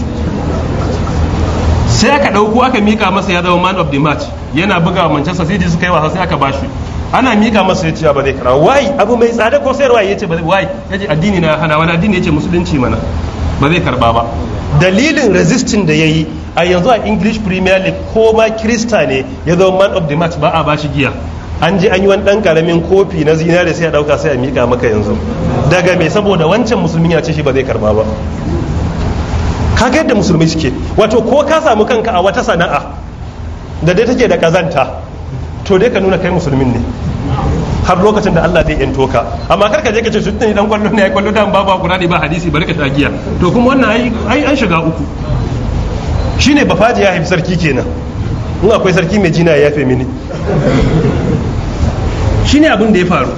sai aka ɗauko aka mika masa ya zama man of the match yana buga wa manchester city suka yi wasa sai aka bashi ana mika masa ya ce ba zai kara wai abu mai tsada ko sayarwa ya ce ba zai wai ya ce addini na hana wani addini ya ce musulunci mana ba zai karba ba dalilin resisting da ya yi a yanzu a english premier league ko ma krista ne ya zama man of the match ba a bashi giya an ji an yi wani dan karamin kofi na zinare sai a dauka sai a mika maka yanzu daga mai saboda wancan musulmi ya ce shi ba zai karba ba Ka ga yadda musulmi suke wato ko ka samu kanka a wata sana'a da dai take da kazanta to dai ka nuna kai musulmin ne har lokacin da Allah zai yanto ka amma kar ka je ka ce su ne dan kwallo ne ai kwallo dan babu Qur'ani ba hadisi bari ka tagiya to kuma wannan ai ai an shiga uku shine bafaji ya haifi sarki kenan in akwai sarki mai jina ya fe mini shine abin da ya faru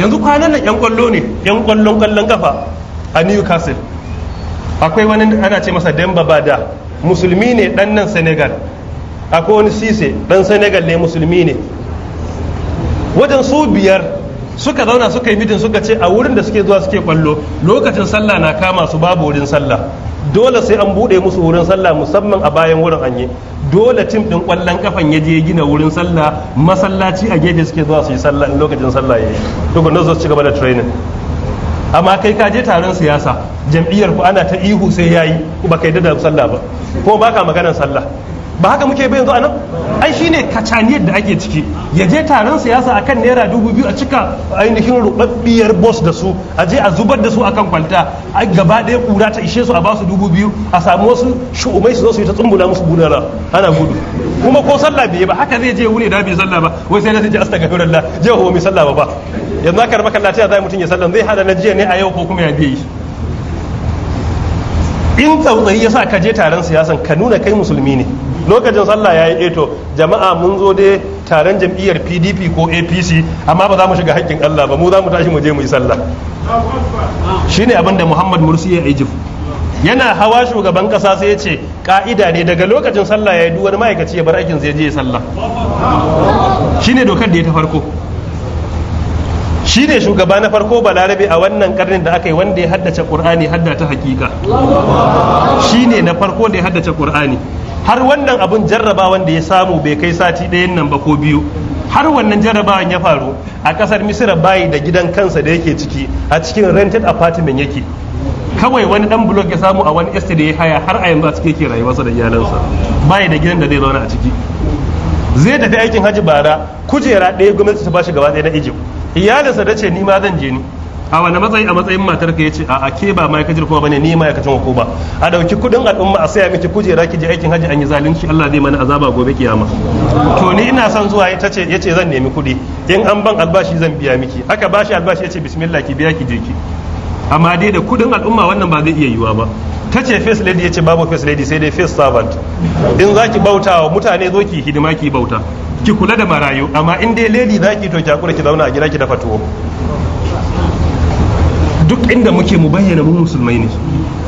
yanzu kwanan nan yan kwallo ne yan kwallon kwallon kafa a Newcastle akwai wani ana ce masa Demba Bada musulmi ne dan nan Senegal akwai wani Sise dan Senegal ne musulmi ne wajen su biyar suka zauna suka yi mitin suka ce a wurin da suke zuwa suke kwallo lokacin sallah na kama su babu wurin sallah dole sai an bude musu wurin sallah musamman a bayan wurin anye dole tim din kwallon kafan ya je gina wurin sallah masallaci a gefe suke zuwa su yi sallah lokacin sallah yayi to zo su ci gaba da training amma kai ka je taron siyasa jam'iyyar ku ana ta ihu sai yayi ba kai da sallah ba ko baka maganar sallah ba haka muke bai yanzu nan ai shine kacaniyar da ake ciki ya je taron siyasa akan naira dubu biyu a cika ainihin rubabbiyar bos da su a je a zubar da su akan kwalta a gaba ɗaya kura ta ishe su a basu dubu biyu a samu wasu shu'umai su zo su yi ta tsumbula musu bunara ana gudu kuma ko sallah biye ba haka zai je wuri da bai sallah ba wai sai zai je astaghfirullah je ho mi sallah ba ba yanzu aka raba kallaci zai mutum ya sallah zai hada na jiya ne a yau ko kuma ya biye in tsautsayi sa ka je taron siyasan ka nuna kai musulmi ne lokacin sallah ya yi eto eh jama'a mun zo dai taron jam'iyyar pdp ko apc amma ba za mu shiga haƙƙin allah ba mu za mu tashi mu je mu yi sallah shi abin da muhammad mursi ya ijif yana hawa shugaban kasa sai ya ce ka'ida ne daga lokacin sallah ya yi duwar ma'aikaci ya bar aikin zai je sallah Shi ne dokar da ya ta farko shi ne shugaba na farko Larabe a wannan karnin da aka yi wanda ya haddace ƙur'ani hadda ta hakika shi ne na farko da ya haddace ƙur'ani har wannan abun jarrabawan da ya samu bai kai sati ɗayan nan ba ko biyu har wannan jarrabawan ya faru a ƙasar misira bayi da gidan kansa da yake ciki a cikin rented apartment yake kawai wani dan blog ya samu a wani estate da ya haya har a yanzu a ciki yake rayuwarsa da iyalansa bayi da gidan da zai zauna a ciki zai tafi aikin hajji bara kujera ɗaya gwamnati ta bashi gaba ɗaya na egypt iyalinsa da ce ni ma zan je ni a wani matsayi a matsayin matar ka yace a ke ba kajir kuma bane ni ko hukuma a dauki kudin al'umma a saya miki kujera ki je aikin haji an yi zalunci Allah zai mana azaba gobe kiyama to ni ina son zuwa ita ce yace zan nemi kudi in an ban albashi zan biya miki aka bashi albashi yace bismillah ki biya ki je ki amma dai da kudin al'umma wannan ba zai iya yiwuwa ba ta ce face lady ya ce babu face lady sai dai face servant in za ki bauta wa mutane zo ki hidima ki bauta ki kula da marayu amma in dai lady za ki to ki hakura ki zauna a gida ki dafa tuwo duk inda muke mu bayyana mu musulmai ne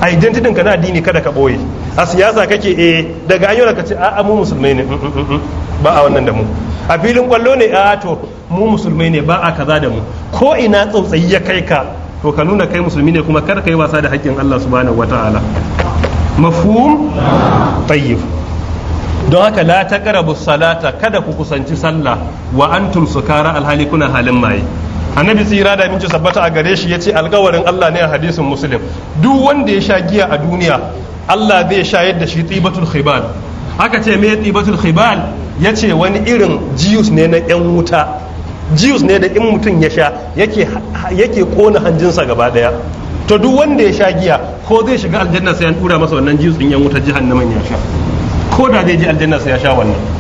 a identity ka na addini kada ka boye a siyasa kake eh daga an ka ce a'a mu musulmai ne mm, mm, mm, ba a wannan da mu a filin kwallo ne a to mu musulmai ne ba a kaza da mu ko ina tsautsayi ya kai ka to ka nuna kai musulmi ne kuma kar ka yi wasa da haƙƙin Allah subhanahu wataala mafhum tayyib don haka la taqrabu salata kada ku kusanci sallah wa antum sukara alhali kuna halin maye annabi tsira da minci sabbata a gare shi ya ce alkawarin allah ne a hadisin musulun duk wanda ya sha giya a duniya allah zai sha yadda shi tsibatul khibal aka ce me tsibatul khibal ya ce wani irin jiyus ne na yan wuta jiyus ne da in mutum ya sha yake kona hanjinsa gaba daya to duk wanda ya sha giya ko zai shiga aljanna sai an tura masa wannan jiyus din yan wuta jihannama ya sha ko da zai je aljanna sai ya sha wannan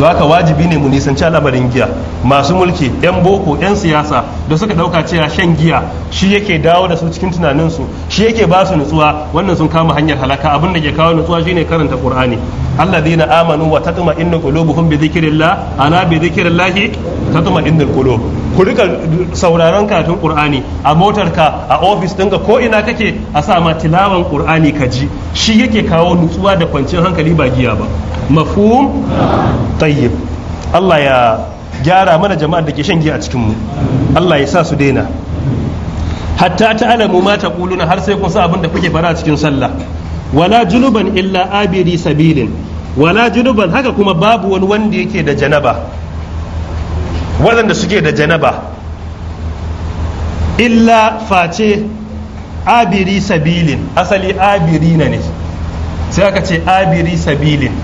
don haka wajibi ne mu nisanci al'amarin giya masu mulki yan boko yan siyasa da suka dauka cewa shan giya shi yake dawo da su cikin tunaninsu shi yake ba su nutsuwa wannan sun kama hanyar halaka abin da ke kawo nutsuwa shine karanta qur'ani alladhina amanu wa tatma'innu qulubuhum bi dhikrillah ala bi dhikrillah tatma'innul qulub ku rika sauraron karatun qur'ani a motarka a ofis ɗinka ko ina kake a sa ma tilawan qur'ani ka ji shi yake kawo nutsuwa da kwanciyar hankali ba giya ba mafhum tayyib Allah ya gyara mana jama'ar da ke shan giya a cikin mu Allah ya sa su daina hatta ta'lamu ma taquluna har sai kun sa abin da kuke fara cikin sallah wala junuban illa abiri sabilin wala junuban haka kuma babu wani wanda yake da janaba waɗanda suke da janaba illa face abiri sabilin asali abirina ne sai aka ce abiri sabilin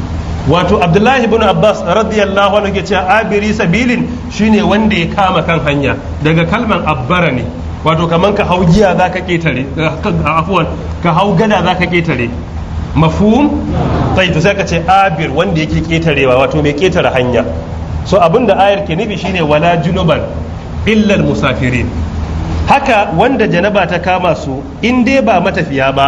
wato abdullahi ibn abbas radiyallahu anhu ce abiri sabilin shine wanda ya kama kan hanya daga kalman abbara ne wato kaman ka hau giya zaka ketare eh, afwan ka hau gada zaka ketare mafhum sai to sai ka ce abir wanda yake ketarewa wato mai ketare hanya so abinda ayar ke nufi shine wala junuban illa musafirin haka wanda janaba ta kama su in dai ba matafiya ba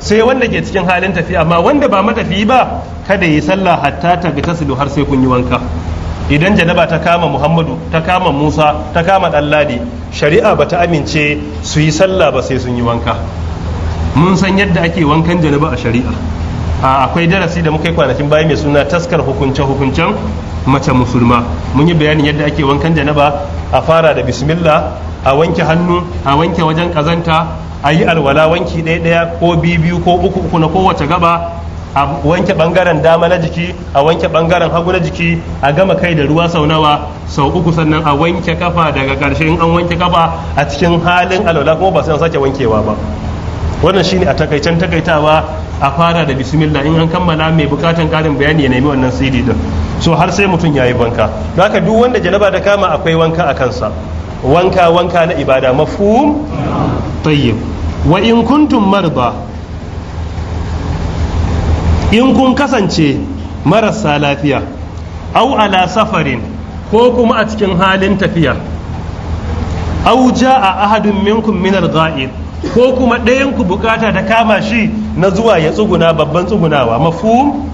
sai wanda ke cikin halin tafiya amma wanda ba matafi ba kada yi sallah hatta ta bi tasilu har sai kun yi wanka idan janaba ta kama muhammadu ta kama musa ta kama ɗanladi shari'a ba ta amince su yi sallah ba sai sun yi wanka mun san yadda ake wankan janaba a shari'a akwai darasi da muka yi kwanakin baya mai suna taskar hukunce hukuncen mace musulma mun yi bayanin yadda ake wankan janaba a fara da bismillah a wanke hannu a wanke wajen kazanta a yi alwala wanki ɗaya ɗaya ko biyu ko uku uku na kowace gaba a wanke bangaren dama na jiki a wanke bangaren hagu na jiki a gama kai da ruwa sau nawa sau uku sannan a wanke kafa daga ƙarshe in an wanke kafa a cikin halin alwala kuma ba sai an sake wankewa ba wannan shine a takaicen takaitawa a fara da bismillah in an kammala mai bukatan karin bayani ya nemi wannan cd din so har sai mutum ya yi wanka don aka duk wanda janaba da kama akwai wanka a kansa wanka wanka na ibada mafhum tayyib wa in kuntum marda in kun kasance marasa lafiya au ala safarin ko kuma a cikin halin tafiya au ja a ahadun minkum min al ko kuma ɗayan ku bukata ta kama shi na zuwa ya tsuguna babban tsugunawa mafhum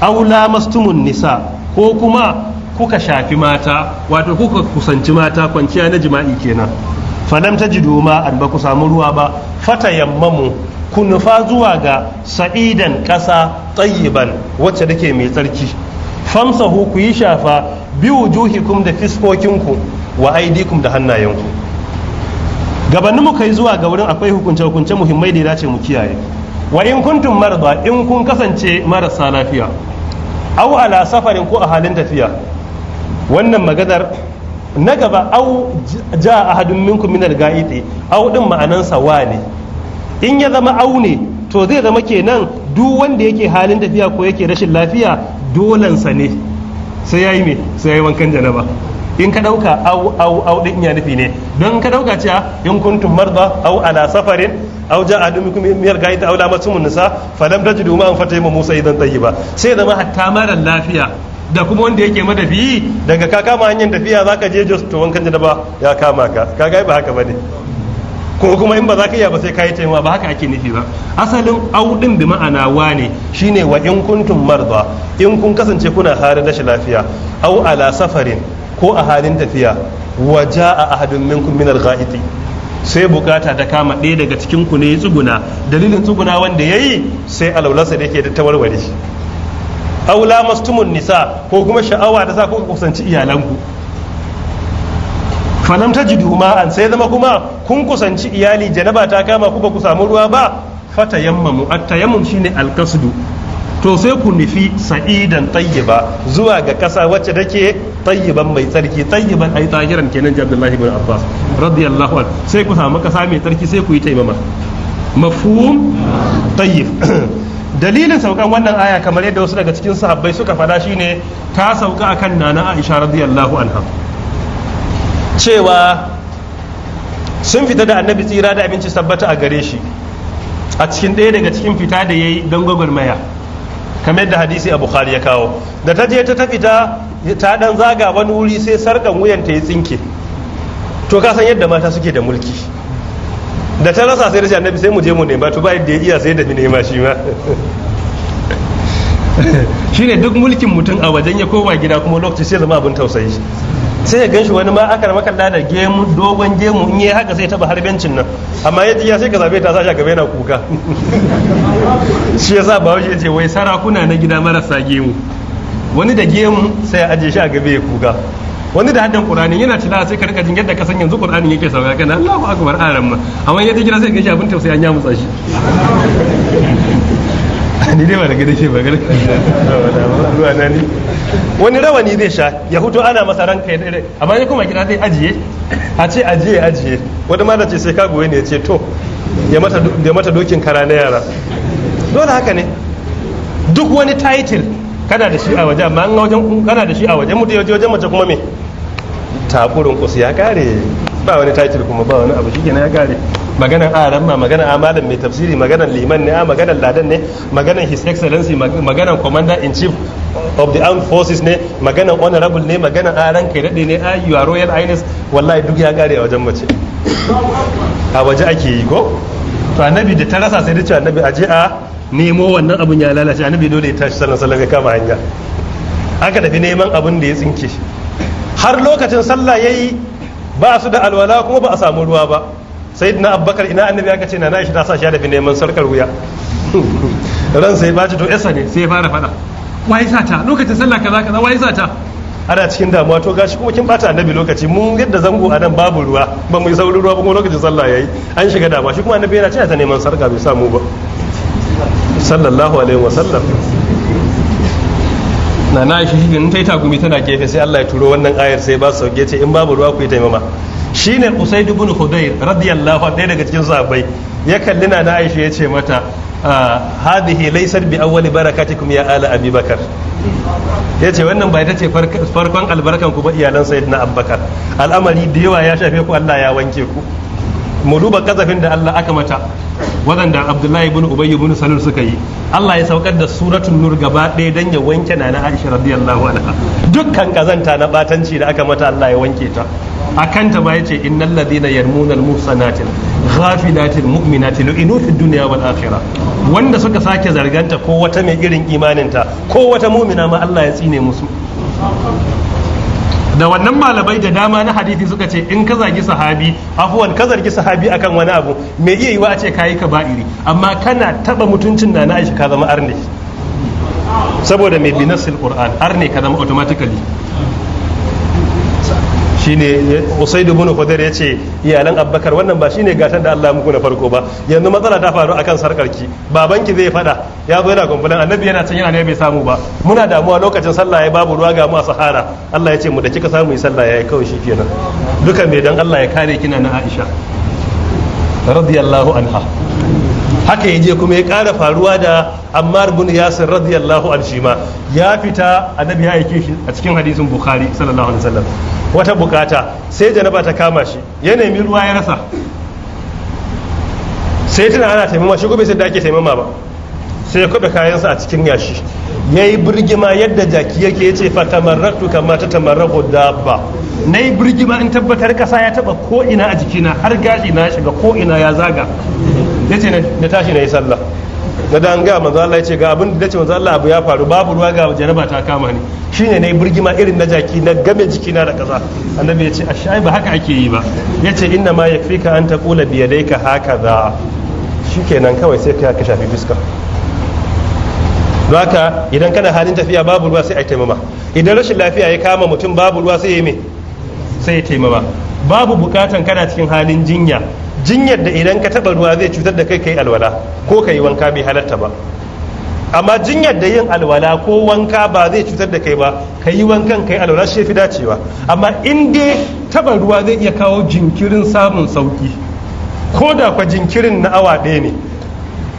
au lamastumun nisa ko kuma kuka shafi mata wato kuka kusanci mata kwanciya na jima'i kenan fadam ta ma an ba ku samu ruwa ba fata yammamu ku nufa zuwa ga sa'idan ƙasa tsayiban wacce take mai tsarki famsahu ku yi shafa biyu juhikum da fiskokinku wa aidikum da hannayenku gabanin mu kai zuwa ga wurin akwai hukunce hukunce muhimmai da ya dace mu kiyaye wa in kuntum marda in kun kasance marasa lafiya aw ala safarin ko a halin tafiya wannan maganar na gaba au ja ahadun minkum min al-ga'iti au din ma'anansa wa ne in ya zama au ne to zai zama kenan duk wanda yake halin tafiya ko yake rashin lafiya dolansa ne sai yayi me sai yayi wankan janaba in ka dauka au au au din ya nufi ne don ka dauka cewa in kuntum marda au ala safarin Au aw ja'a adumikum min al-ga'iti aw lamasum nisa falam tajidu an fatayma musa idan tayyiba sai zama hatta mara lafiya da kuma wanda yake madafi daga ka kama hanyar tafiya za ka je jos to wankan janaba ya kama ka Ka kaga ba haka ba ne. ko kuma in ba za ka iya ba sai ka yi taimawa. ba haka ake nufi ba asalin audin bi ma'ana wa ne shine wa in kuntum marda in kun kasance kuna halin rashin lafiya au ala safarin ko a halin tafiya wa a ahadun minkum min al sai bukata ta kama ɗaya daga cikin ku ne ya tsuguna dalilin tsuguna wanda yayi sai alaulasa da yake da tawarware shi aula mastumun nisa ko kuma sha'awa ta sa kuka kusanci iyalanku falam duma an sai zama kuma kun kusanci iyali janaba ta kama ku ba ku samu ruwa ba fata fatayammamu at-tayammum shine ne alkasudu to sai ku nufi sa'idan tayyiba zuwa ga kasa wacce take tayyiban mai tsarki tayyiban ai tsagiran kenan ji Abdullahi bin Abbas radiyallahu anhu sai ku samu kasa mai tsarki sai ku yi taimama mafhum tayyib dalilin saukan wannan aya kamar yadda wasu daga cikin sahabbai suka fada ne ta sauka kan nana Aisha radiyallahu anha cewa sun fita da annabi tsira da abinci sabbata a gare shi a cikin ɗaya daga cikin fita da yayi don gwagwarmaya kamar yadda hadisi a bukhari ya kawo da ta je ta tafi ta dan zaga wani wuri sai sarkan wuyanta ya tsinke to ka san yadda mata suke da mulki da ta rasa sai rashin annabi sai mu je mu nema to ba da ya iya sai da nema shi ma shine duk mulkin mutum a wajen ya koma gida kuma lokaci sai zama abin tausayi sai ya ganshi wani ma aka rama kalla da gemu dogon gemu in yi haka sai taba harbencin nan amma ya ya sai ka zabe ta sashi a gaba yana kuka shi yasa ba ya ce wai sarakuna na gida marasa gemu wani da gemu sai ya ajiye shi a gaba ya kuka wani da haddan qur'ani yana tilawa sai ka rika jin yadda ka san yanzu qur'ani yake sauka kana Allahu akbar aran ma amma yadda kira sai ka ji abin tausayi an ya mutsa shi ni dai ba da gida ba gida wani rawani zai sha ya hutu ana masa ranka ya dare amma ya kuma kira zai ajiye a ce ajiye ajiye wani mata ce sai ka goye ne ya ce to ya mata dokin kara na yara dole haka ne duk wani title kana da shi a waje amma an wajen kana da shi a waje mutu ya wajen mace kuma me takurin kusa ya kare ba wani title kuma ba wani abu shi ya kare maganan aran ma maganan amalan mai tafsiri maganan liman ne a maganan ladan ne maganan his excellency maganan commander in chief of the armed forces ne maganan honorable ne maganan aran kai dade ne a your royal highness wallahi duk ya kare a wajen mace a waje ake yi ko to annabi da ta rasa sai da cewa annabi aje a nemo wannan abun ya lalace annabi dole ya tashi sallan sallan ya kama hanya aka tafi neman abun da ya tsinke har lokacin sallah yayi ba su da alwala kuma ba a samu ruwa ba sayyidina abubakar ina annabi aka ce na na shi ta sa shi da neman sarkar wuya ran sai baci to esa ne sai ya fara fada wai sa ta lokacin sallah kaza kaza wai sa ta ana cikin damuwa to gashi kuma kin bata annabi lokaci mun yadda zango anan babu ruwa ba mu yi saurin ruwa ba kuma lokacin sallah yayi an shiga damuwa shi kuma annabi yana cewa ta neman sarka bai samu ba sallallahu alaihi wasallam na na shi shi ta yi takumi tana gefe sai Allah ya turo wannan ayar sai ba su sauke ce in babu ruwa ku yi taimama shine Usaid ibn hudai radiyallahu anhu daga cikin sahabbai ya kalli na na Aisha ya ce mata ah, hadhihi laysat bi awwali barakatikum ya ala Abi Bakar ya ce wannan ba ita ce farkon albarkan ku ba iyalan Sayyidina Abubakar al'amari da yawa ya shafe ku Allah ya wanke ku mu duba kazafin da Allah aka mata waɗanda Abdullahi ibn Ubay ibn Salul suka yi Allah ya saukar da suratul nur gaba ɗaya dan ya wanke na Aisha radiyallahu anha dukkan kazanta na batanci da aka mata Allah ya wanke ta akan ta ba yace innal ladina yarmunal muhsanatin ghafilatil mu'minatin lu'inu fid dunya wal akhirah wanda suka sake zarganta ko wata mai irin imaninta ko wata mu'mina ma Allah ya tsine musu da wannan malamai da dama na hadithi suka ce in ka zagi sahabi afuwan ka zargi sahabi akan wani abu me iya yiwa a ce kayi ka ba'iri amma kana taba mutuncin na na aisha ka zama arne saboda mai binasil qur'an arne ka zama automatically shine usaid ibn khudair yace iyalan abbakar wannan ba shine gatan da Allah muku na farko ba yanzu matsala ta faru akan sarkarki babanki zai fada ya zo yana gumbulan annabi yana can yana ne bai samu ba muna damuwa lokacin sallah ya babu ruwa ga mu a sahara Allah ya ce mu da kika samu yi sallah yayi kawai shi kenan duka me dan Allah ya kare kina na Aisha radiyallahu anha haka yaje kuma ya ƙara faruwa da ammar bin yasir radiyallahu an ya fita annabi ya aike shi a cikin hadisin bukhari sallallahu alaihi wasallam wata bukata sai janaba ta kama shi ya nemi ruwa ya rasa sai tana ana taimama shi gobe sai da ake taimama ba sai ya kwabe kayansa a cikin yashi ya yi birgima yadda jaki yake ya ce fatamarratu kama ta tamarrahu dabba na yi birgima in tabbatar kasa ya taba ko ina a jikina har gashi na shiga ko ina ya zaga ya ce na tashi na yi sallah na dan ga manzo Allah ya ce ga abin da ce manzo Allah abu ya faru babu ruwa ga janaba ta kama ni shine nayi burgima irin na jaki na game jikina da kaza annabi ya ce ashai ba haka ake yi ba yace inna ma yakfika an taqula bi yadayka hakaza shikenan kawai sai ka ka shafi fuska haka idan kana halin tafiya babu ruwa sai a taimama idan rashin lafiya ya kama mutum babu ruwa sai ya me sai ya taimama babu bukatan kana cikin halin jinya jinyar da idan ka taba ruwa zai cutar da kai kai alwala ko kai wanka bai halatta ba amma jinyar da yin alwala ko wanka ba zai cutar da kai ba ka yi wankan kai alwala shi fi dacewa amma in dai taɓa ruwa zai iya kawo jinkirin samun sauki ko da kwa jinkirin na awa ɗaya ne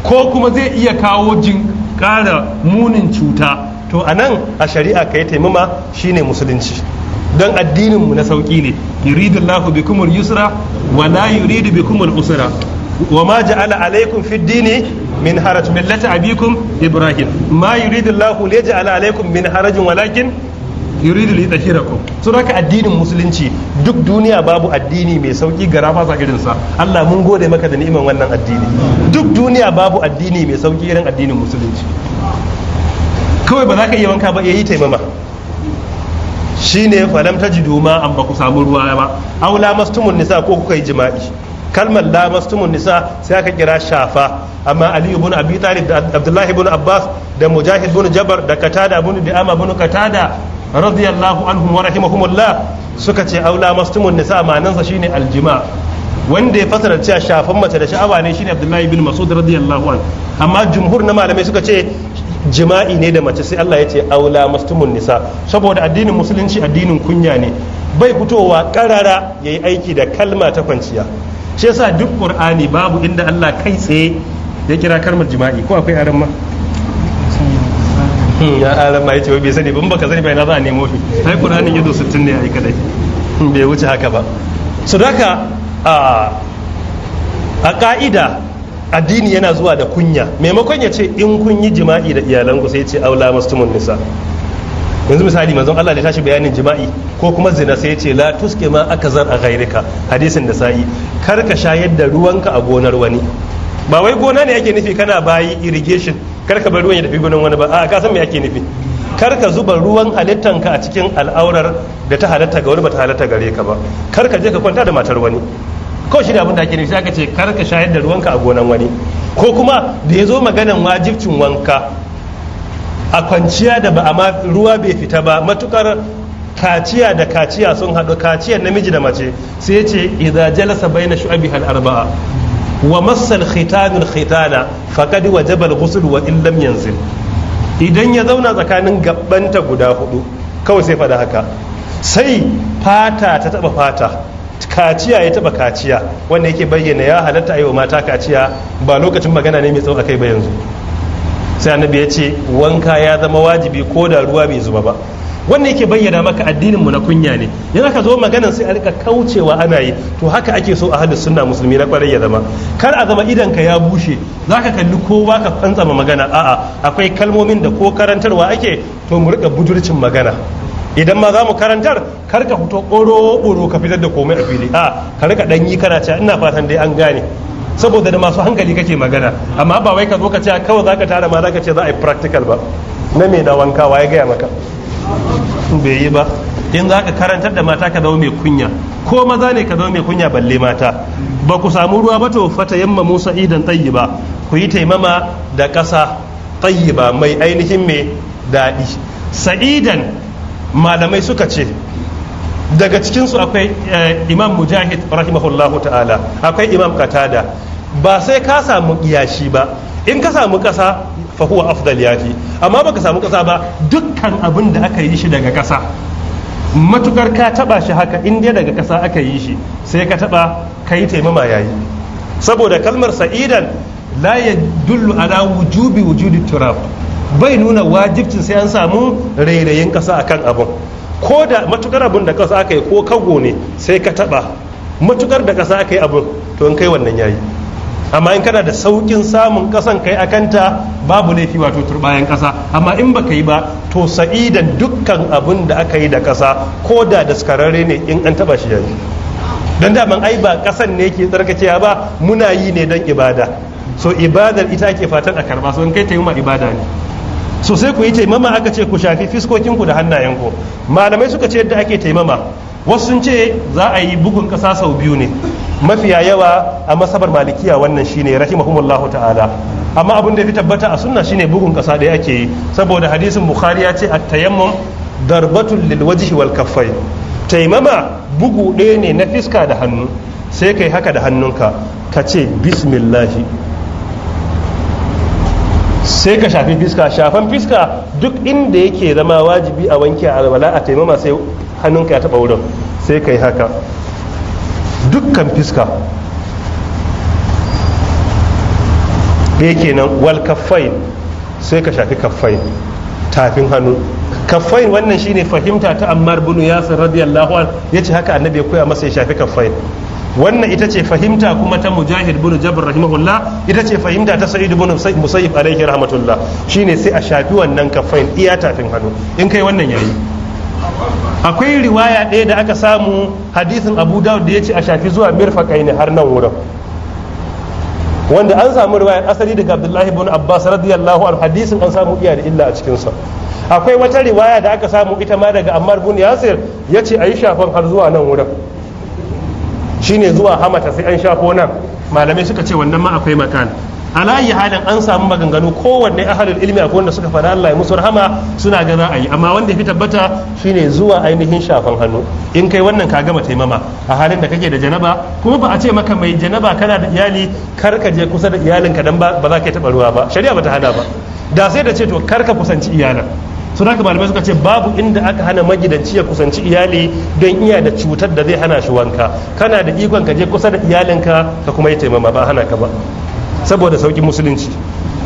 ko kuma zai iya kawo jin ƙara munin cuta to anan a shari'a ka yi taimama shine musulunci don addinin mu na sauki ne yuridullahu bikumul yusra wa la yuridu bikumul usra wa ma ja'ala alaikum fid dini min haraj millata abikum ibrahim ma yuridullahu ala alaikum min harajin walakin yuridu li tahirakum Su addinin musulunci duk duniya babu addini mai sauki ga rafa irin sa Allah mun gode maka da ni'imar wannan addini duk duniya babu addini mai sauki irin addinin musulunci kawai ba za ka iya wanka ba ya yi taimama shine falam tajidu ma an ba ku samu ruwa ba aw lamastumun nisa ko kuka yi jima'i kalmar lamastumun nisa sai aka kira shafa amma ali ibn abi talib da abdullahi ibn abbas da mujahid ibn jabar da katada ibn bi'ama ibn katada radiyallahu anhum wa rahimahumullah suka ce aw lamastumun nisa shi shine aljima wanda ya fasara cewa shafan mace da sha'awa ne shine abdullahi ibn mas'ud radiyallahu anhu amma jumhur na malamai suka ce jima'i ne da mace sai Allah ya ce aula mastumun nisa saboda addinin musulunci addinin kunya ne bai fitowa karara yayi aiki da kalma ta kwanciya shi yasa duk qur'ani babu inda Allah kai tsaye ya kira kalmar jima'i ko akwai aran ma hmm, ya aran ma yace bai sani ban baka sani bai na za a nemo shi sai qur'anin yazo 60 ne ai kadai hmm, bai wuce haka ba sadaka a a ka'ida addini yana zuwa da kunya maimakon ya ce in kun yi jima'i da iyalanku sai ce aula mastumun nisa yanzu misali mazan Allah da tashi bayanin jima'i ko kuma zina sai ce la tuske ma aka zan a gairika hadisin da sa'i kar ka shayar da ruwanka a gonar wani ba wai gona ne yake nufi kana bayi irrigation kar ka bar ruwan ya tafi gonar wani ba a ka san me yake nufi kar ka zuba ruwan halittanka a cikin al'aurar da ta halatta ga wani ba ta halatta gare ka ba kar ka je ka kwanta da matar wani ko shi da abin da ake nufi aka ce kar ka shayar da ruwanka a gonan wani ko kuma da ya zo maganan wajibcin wanka a kwanciya da ba amma ruwa bai fita ba matukar kaciya da kaciya sun haɗu kaciyar namiji da mace sai ce idza jalasa baina hal arba'a wa massal khitanul khitana faqad wajaba al-ghusl wa in lam yanzil idan ya zauna tsakanin gabbanta guda hudu kawai sai fada haka sai fata ta taba fata kaciya ya taba kaciya wanda yake bayyana ya halatta a yi wa mata kaciya ba lokacin magana ne mai tsawo kai ba yanzu sai annabi ya ce wanka ya zama wajibi ko da ruwa bai zuba ba wanda yake bayyana maka addinin mu na kunya ne yana aka zo maganan sai a rika kaucewa ana yi to haka ake so a hadis sunna musulmi na kwarai ya zama kar a zama idan ka ya bushe za ka kalli kowa ka fantsama magana a'a akwai kalmomin da ko karantarwa ake to mu rika budurcin magana idan ma za mu karantar kar ka fito ɓoro-ɓoro ka fitar da komai a fili a ka rika ɗanyi kana cewa ina fatan dai an gane saboda da masu hankali kake magana amma ba wai ka zo ka ce kawai za ka tara ma za ka ce za a yi practical ba na me na wanka wa ya gaya maka bai yi ba in za ka karantar da mata ka zama mai kunya ko maza ne ka zama mai kunya balle mata ba ku samu ruwa ba to fata yamma musa idan tsayi ba ku yi taimama da ƙasa tsayi ba mai ainihin mai daɗi sa'idan malamai suka ce daga cikinsu akwai eh, imam mujahid rahimahullahu ta'ala akwai imam katada ba sai ka samu yashi ba in ka samu fa fahuwa afdal yafi amma baka samu kasa ba dukkan abin da aka yi shi daga kasa. matukar ka taba shi haka in dai daga kasa aka yi shi sai ka taba kai taimama yayi saboda kalmar sa'idan la yadullu ala wujubi wujudi turab bai nuna wajibcin sai an samu rairayin kasa akan abun ko da matukar abun da kasa aka yi ko kago ne sai ka taba matukar da kasa aka yi abun to in kai wannan yayi amma in kana da saukin samun kasan kai akanta babu laifi wato turbayan kasa amma in baka yi ba to sa'idan dukkan abun da aka yi da kasa ko da daskararre ne in an taba shi yayi don daman ai ba kasan ne ke tsarkakeya ba muna yi ne don ibada so ibadar ita ake fatan a karba so in kai taimama ibada ne so sai ku yi taimama aka ce ku shafi fiskokinku da hannayenku malamai suka ce yadda ake taimama wasu sun ce za a yi bugun kasa sau biyu ne mafiya yawa a masabar malikiya wannan shine rahimahumullahu ta'ala amma abin da ya fi tabbata a sunna shine bugun kasa da ake yi saboda hadisin bukhari ya ce at-tayammum darbatul lil wajhi wal kaffai taimama bugu ɗaya ne na fiska da hannu sai kai haka da hannunka ka ce bismillahi sai ka shafi fiska shafan fiska duk inda yake zama wajibi a wanke alwala a taimama sai hannunka ya taɓa wurin sai ka yi haka dukkan fiska da nan wal kaffain sai ka shafi kaffain tafin hannu kaffain wannan shine fahimta ta ammar bunu yasir radiyallahu an yace haka annabi ya koya masa ya shafi kaffain wannan ita ce fahimta kuma ta mujahid bin jabir rahimahullah ita ce fahimta ta sa'id bin musayyib alaihi rahmatullah shine sai a shafi wannan kafain iya tafin hannu in kai wannan yayi akwai riwaya ɗaya da aka samu hadisin abu dawud da ya ce a shafi zuwa mirfaƙai ne har nan wurin wanda an samu riwaya asali daga abdullahi Bin abbas radiyallahu anhu hadisin an samu iya da illa a cikinsa akwai wata riwaya da aka samu ita ma daga ammar bin yasir ya ce a yi shafan har zuwa nan wurin shine zuwa hamata sai an shafo nan malamai suka ce wannan ma akwai makan ala halin an samu maganganu kowanne ahalul ilmi akwai wanda suka faɗa Allah ya musu rahama suna ga za a yi amma wanda ya fi tabbata shine zuwa ainihin shafan hannu in kai wannan ka gama taimama a halin da kake da janaba kuma ba a ce maka mai janaba kana da iyali kar ka je kusa da iyalinka dan ba za ka taɓa ruwa ba shari'a ba ta hada ba da sai da ce to kar ka kusanci iyalan suna ka malamai suka ce babu inda aka hana magidanci ya kusanci iyali don iya da cutar da zai hana shi wanka kana da ikon ka je kusa da iyalinka ka kuma yi taimama ba hana ka ba saboda sauƙin musulunci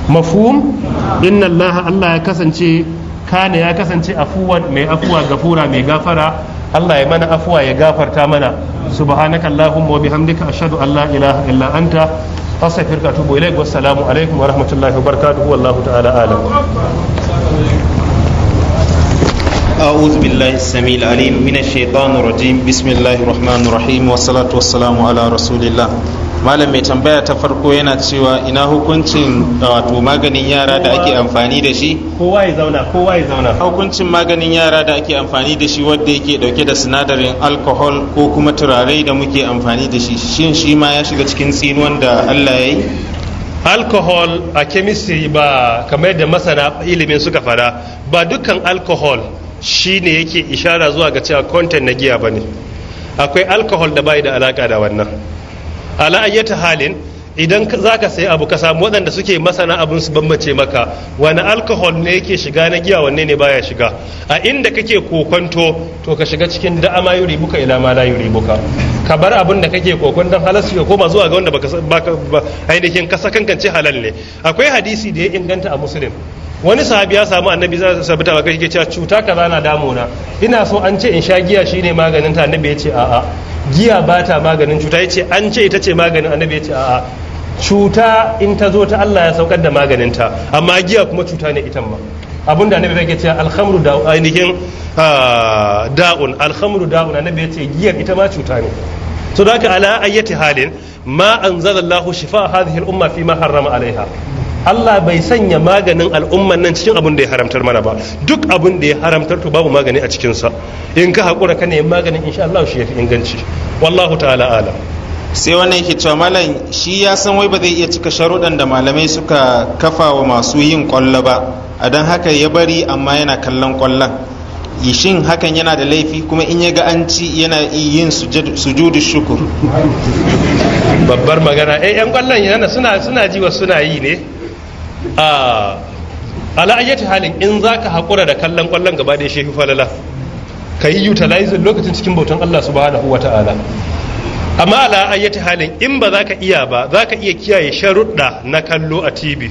mafhum inna allah allah ya kasance kana ya kasance afuwan mai afuwa gafura mai gafara allah ya mana afuwa ya gafarta mana subhanaka allahumma wa bihamdika ashhadu an la ilaha illa anta astaghfiruka wa atubu ilaik alaikum wa rahmatullahi wa barakatuh wallahu أعوذ بالله السميع العليم من الشيطان الرجيم بسم الله الرحمن الرحيم والصلاة والسلام على رسول الله malam mai tambaya ta farko yana cewa ina hukuncin wato maganin yara da ake amfani da shi kowa ya zauna kowa ya zauna hukuncin maganin yara da ake amfani da shi wanda yake dauke da sinadarin alcohol ko kuma turarai da muke amfani da shi shin shi ma ya shiga cikin tsinuwan da Allah ya yi alcohol a chemistry ba kamar da masana ilimin suka fada ba dukkan alcohol shi ne yake ishara zuwa ga cewa content na giya ba ne akwai alcohol da bai da alaka da wannan ala halin idan za ka sayi abu ka samu waɗanda suke masana abin su bambance maka wani alkohol ne yake shiga na giya wanne ne baya shiga a inda kake kokonto to ka shiga cikin da'ama yuri buka ila ma la yuri buka ka bar abin da kake kokon don halas ya koma zuwa ga wanda baka ainihin kasa ce halal ne akwai hadisi da ya inganta a musulun wani sahabi ya samu annabi za su sabita ba kai cewa cuta kaza na damuna ina so an ce in sha giya shine maganin ta annabi ya ce a'a giya ba ta maganin cuta ce an ce ita ce maganin annabi yace a'a cuta in ta zo ta Allah ya saukar da maganin ta amma giya kuma cuta ne ita ma abinda annabi yake ce alhamru da ainihin ah, da'un alhamru da'un annabi yace giyar ita ma cuta ne so da haka ala ayyati halin ma anzalallahu shifa hadhihi al-umma fi ma harrama alaiha Allah bai sanya maganin al'umman nan cikin abin da ya haramtar mana ba duk abin da ya haramtar to babu magani a cikinsa in ka haƙura ka nemi maganin insha Allah shi ya fi inganci wallahu ta'ala alam sai wannan yake cewa malam shi ya san wai ba zai iya cika sharuɗan da malamai suka kafa wa masu yin ƙwallo ba a don haka ya bari amma yana kallon ƙwallon yishin hakan yana da laifi kuma in ya ga an ci yana yin sujudu shukur babbar magana eh yan ƙwallon yana suna suna ji wa suna yi ne Ah, a ayyati halin in za ka haƙura da kallon ƙwallon gaba da shefi falala ka yi utilizing lokacin cikin bautan Allah subhanahu Ta'ala, amma a ayyati halin in ba za ka iya ba za ka iya kiyaye sharuɗa na kallo a tv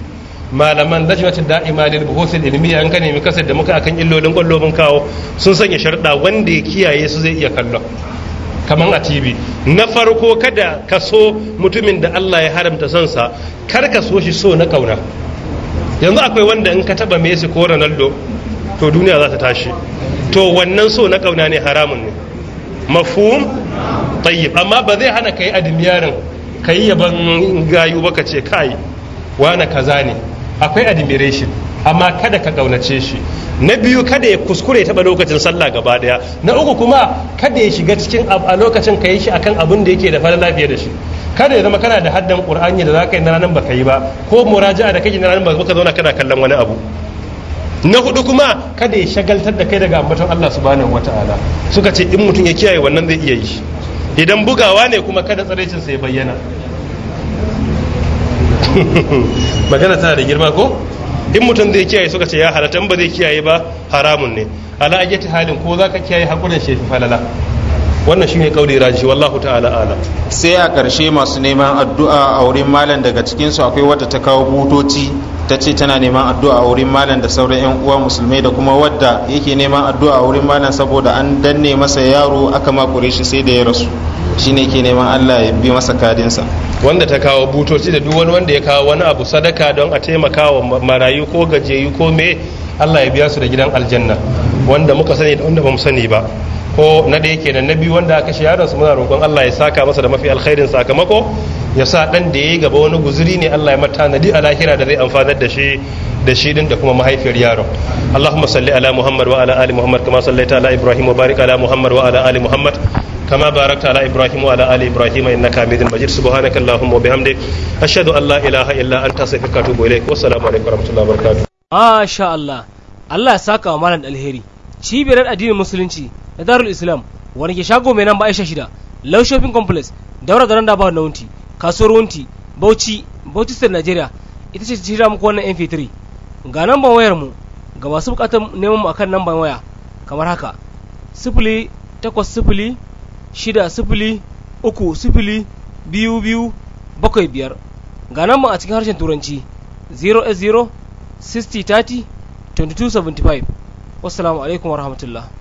malaman lajnatin da'ima da buhuthil ilimi an ka nemi kasar da muka akan illolin kwallo mun kawo sun sanya sharuɗa wanda ya kiyaye su zai iya kallon kamar a tv na farko kada ka so mutumin da Allah ya haramta son kar ka so shi so na ƙauna. yanzu akwai wanda in ka taba Messi ko Ronaldo to duniya za ta tashi to wannan so na kauna ne haramun ne mafhum tayyib amma ba zai hana kai adimiyarin kai yaban gayu baka ce kai wani kaza ne akwai admiration amma kada ka kaunace shi na biyu kada ya kuskure taba lokacin sallah gaba daya na uku kuma kada ya shiga cikin a lokacin ka yi shi akan abin da yake da fara lafiya da shi kada ya zama kana da haddan qur'ani da zaka yi na ranar baka yi ba ko muraja'a da kake na ranar baka zauna kana kallon wani abu na hudu kuma kada ya shagaltar da kai daga ambaton Allah subhanahu wataala suka ce in mutum ya kiyaye wannan zai iya yi idan bugawa ne kuma kada tsaraicin ya bayyana magana tana da girma ko duk mutum zai kiyaye suka ce ya halatta in ba zai kiyaye ba haramun ne ala ayyati halin ko za ka kiyaye hakurin shefi falala wannan shine kauli raji wallahu ta'ala ala sai a karshe masu neman addu'a a wurin malam daga cikin su akwai wata ta kawo butoci ta ce tana neman addu'a a wurin malam da sauran 'yan uwa musulmai da kuma wadda yake neman addu'a a wurin malam saboda an danne masa yaro aka makure shi sai da ya rasu shi ne ke neman Allah ya bi masa kadinsa wanda ta kawo butoci da duk wanda ya kawo wani abu sadaka don a taimaka wa marayu ko gajeyu ko me Allah ya biya su da gidan aljanna wanda muka sani da wanda ba mu sani ba ko na da yake na biyu wanda aka shi yaron su muna roƙon Allah ya saka masa da mafi alkhairin sakamako ya sa ɗan da ya yi gaba wani guzuri ne Allah ya mata nadi a lahira da zai amfanar da shi da shi din da kuma mahaifiyar yaron Allahumma salli ala Muhammad wa ala ali Muhammad kama sallaita ala Ibrahim wa barik ala Muhammad wa ala ali Muhammad كما باركت على ابراهيم وعلى ال ابراهيم انك حميد مجيد سبحانك اللهم وبحمدك اشهد ان لا اله الا انت استغفرك واتوب اليك والسلام عليكم ورحمه الله وبركاته ما شاء الله الله ya saka wa malam alheri cibiyar addinin musulunci na darul islam wani ke shago mai nan ba aisha shida low shopping complex daura da randa ba na wunti kasuwar wunti bauchi bauchi state nigeria ita ce shirya muku wannan mp3 ga namban wayar mu ga masu bukatar neman mu akan namban waya kamar haka sifili takwas sifili shida sifili uku sifili biyu biyar ga namban a cikin harshen turanci 0 0 60 2275 wassalamu alaikum warahmatullahi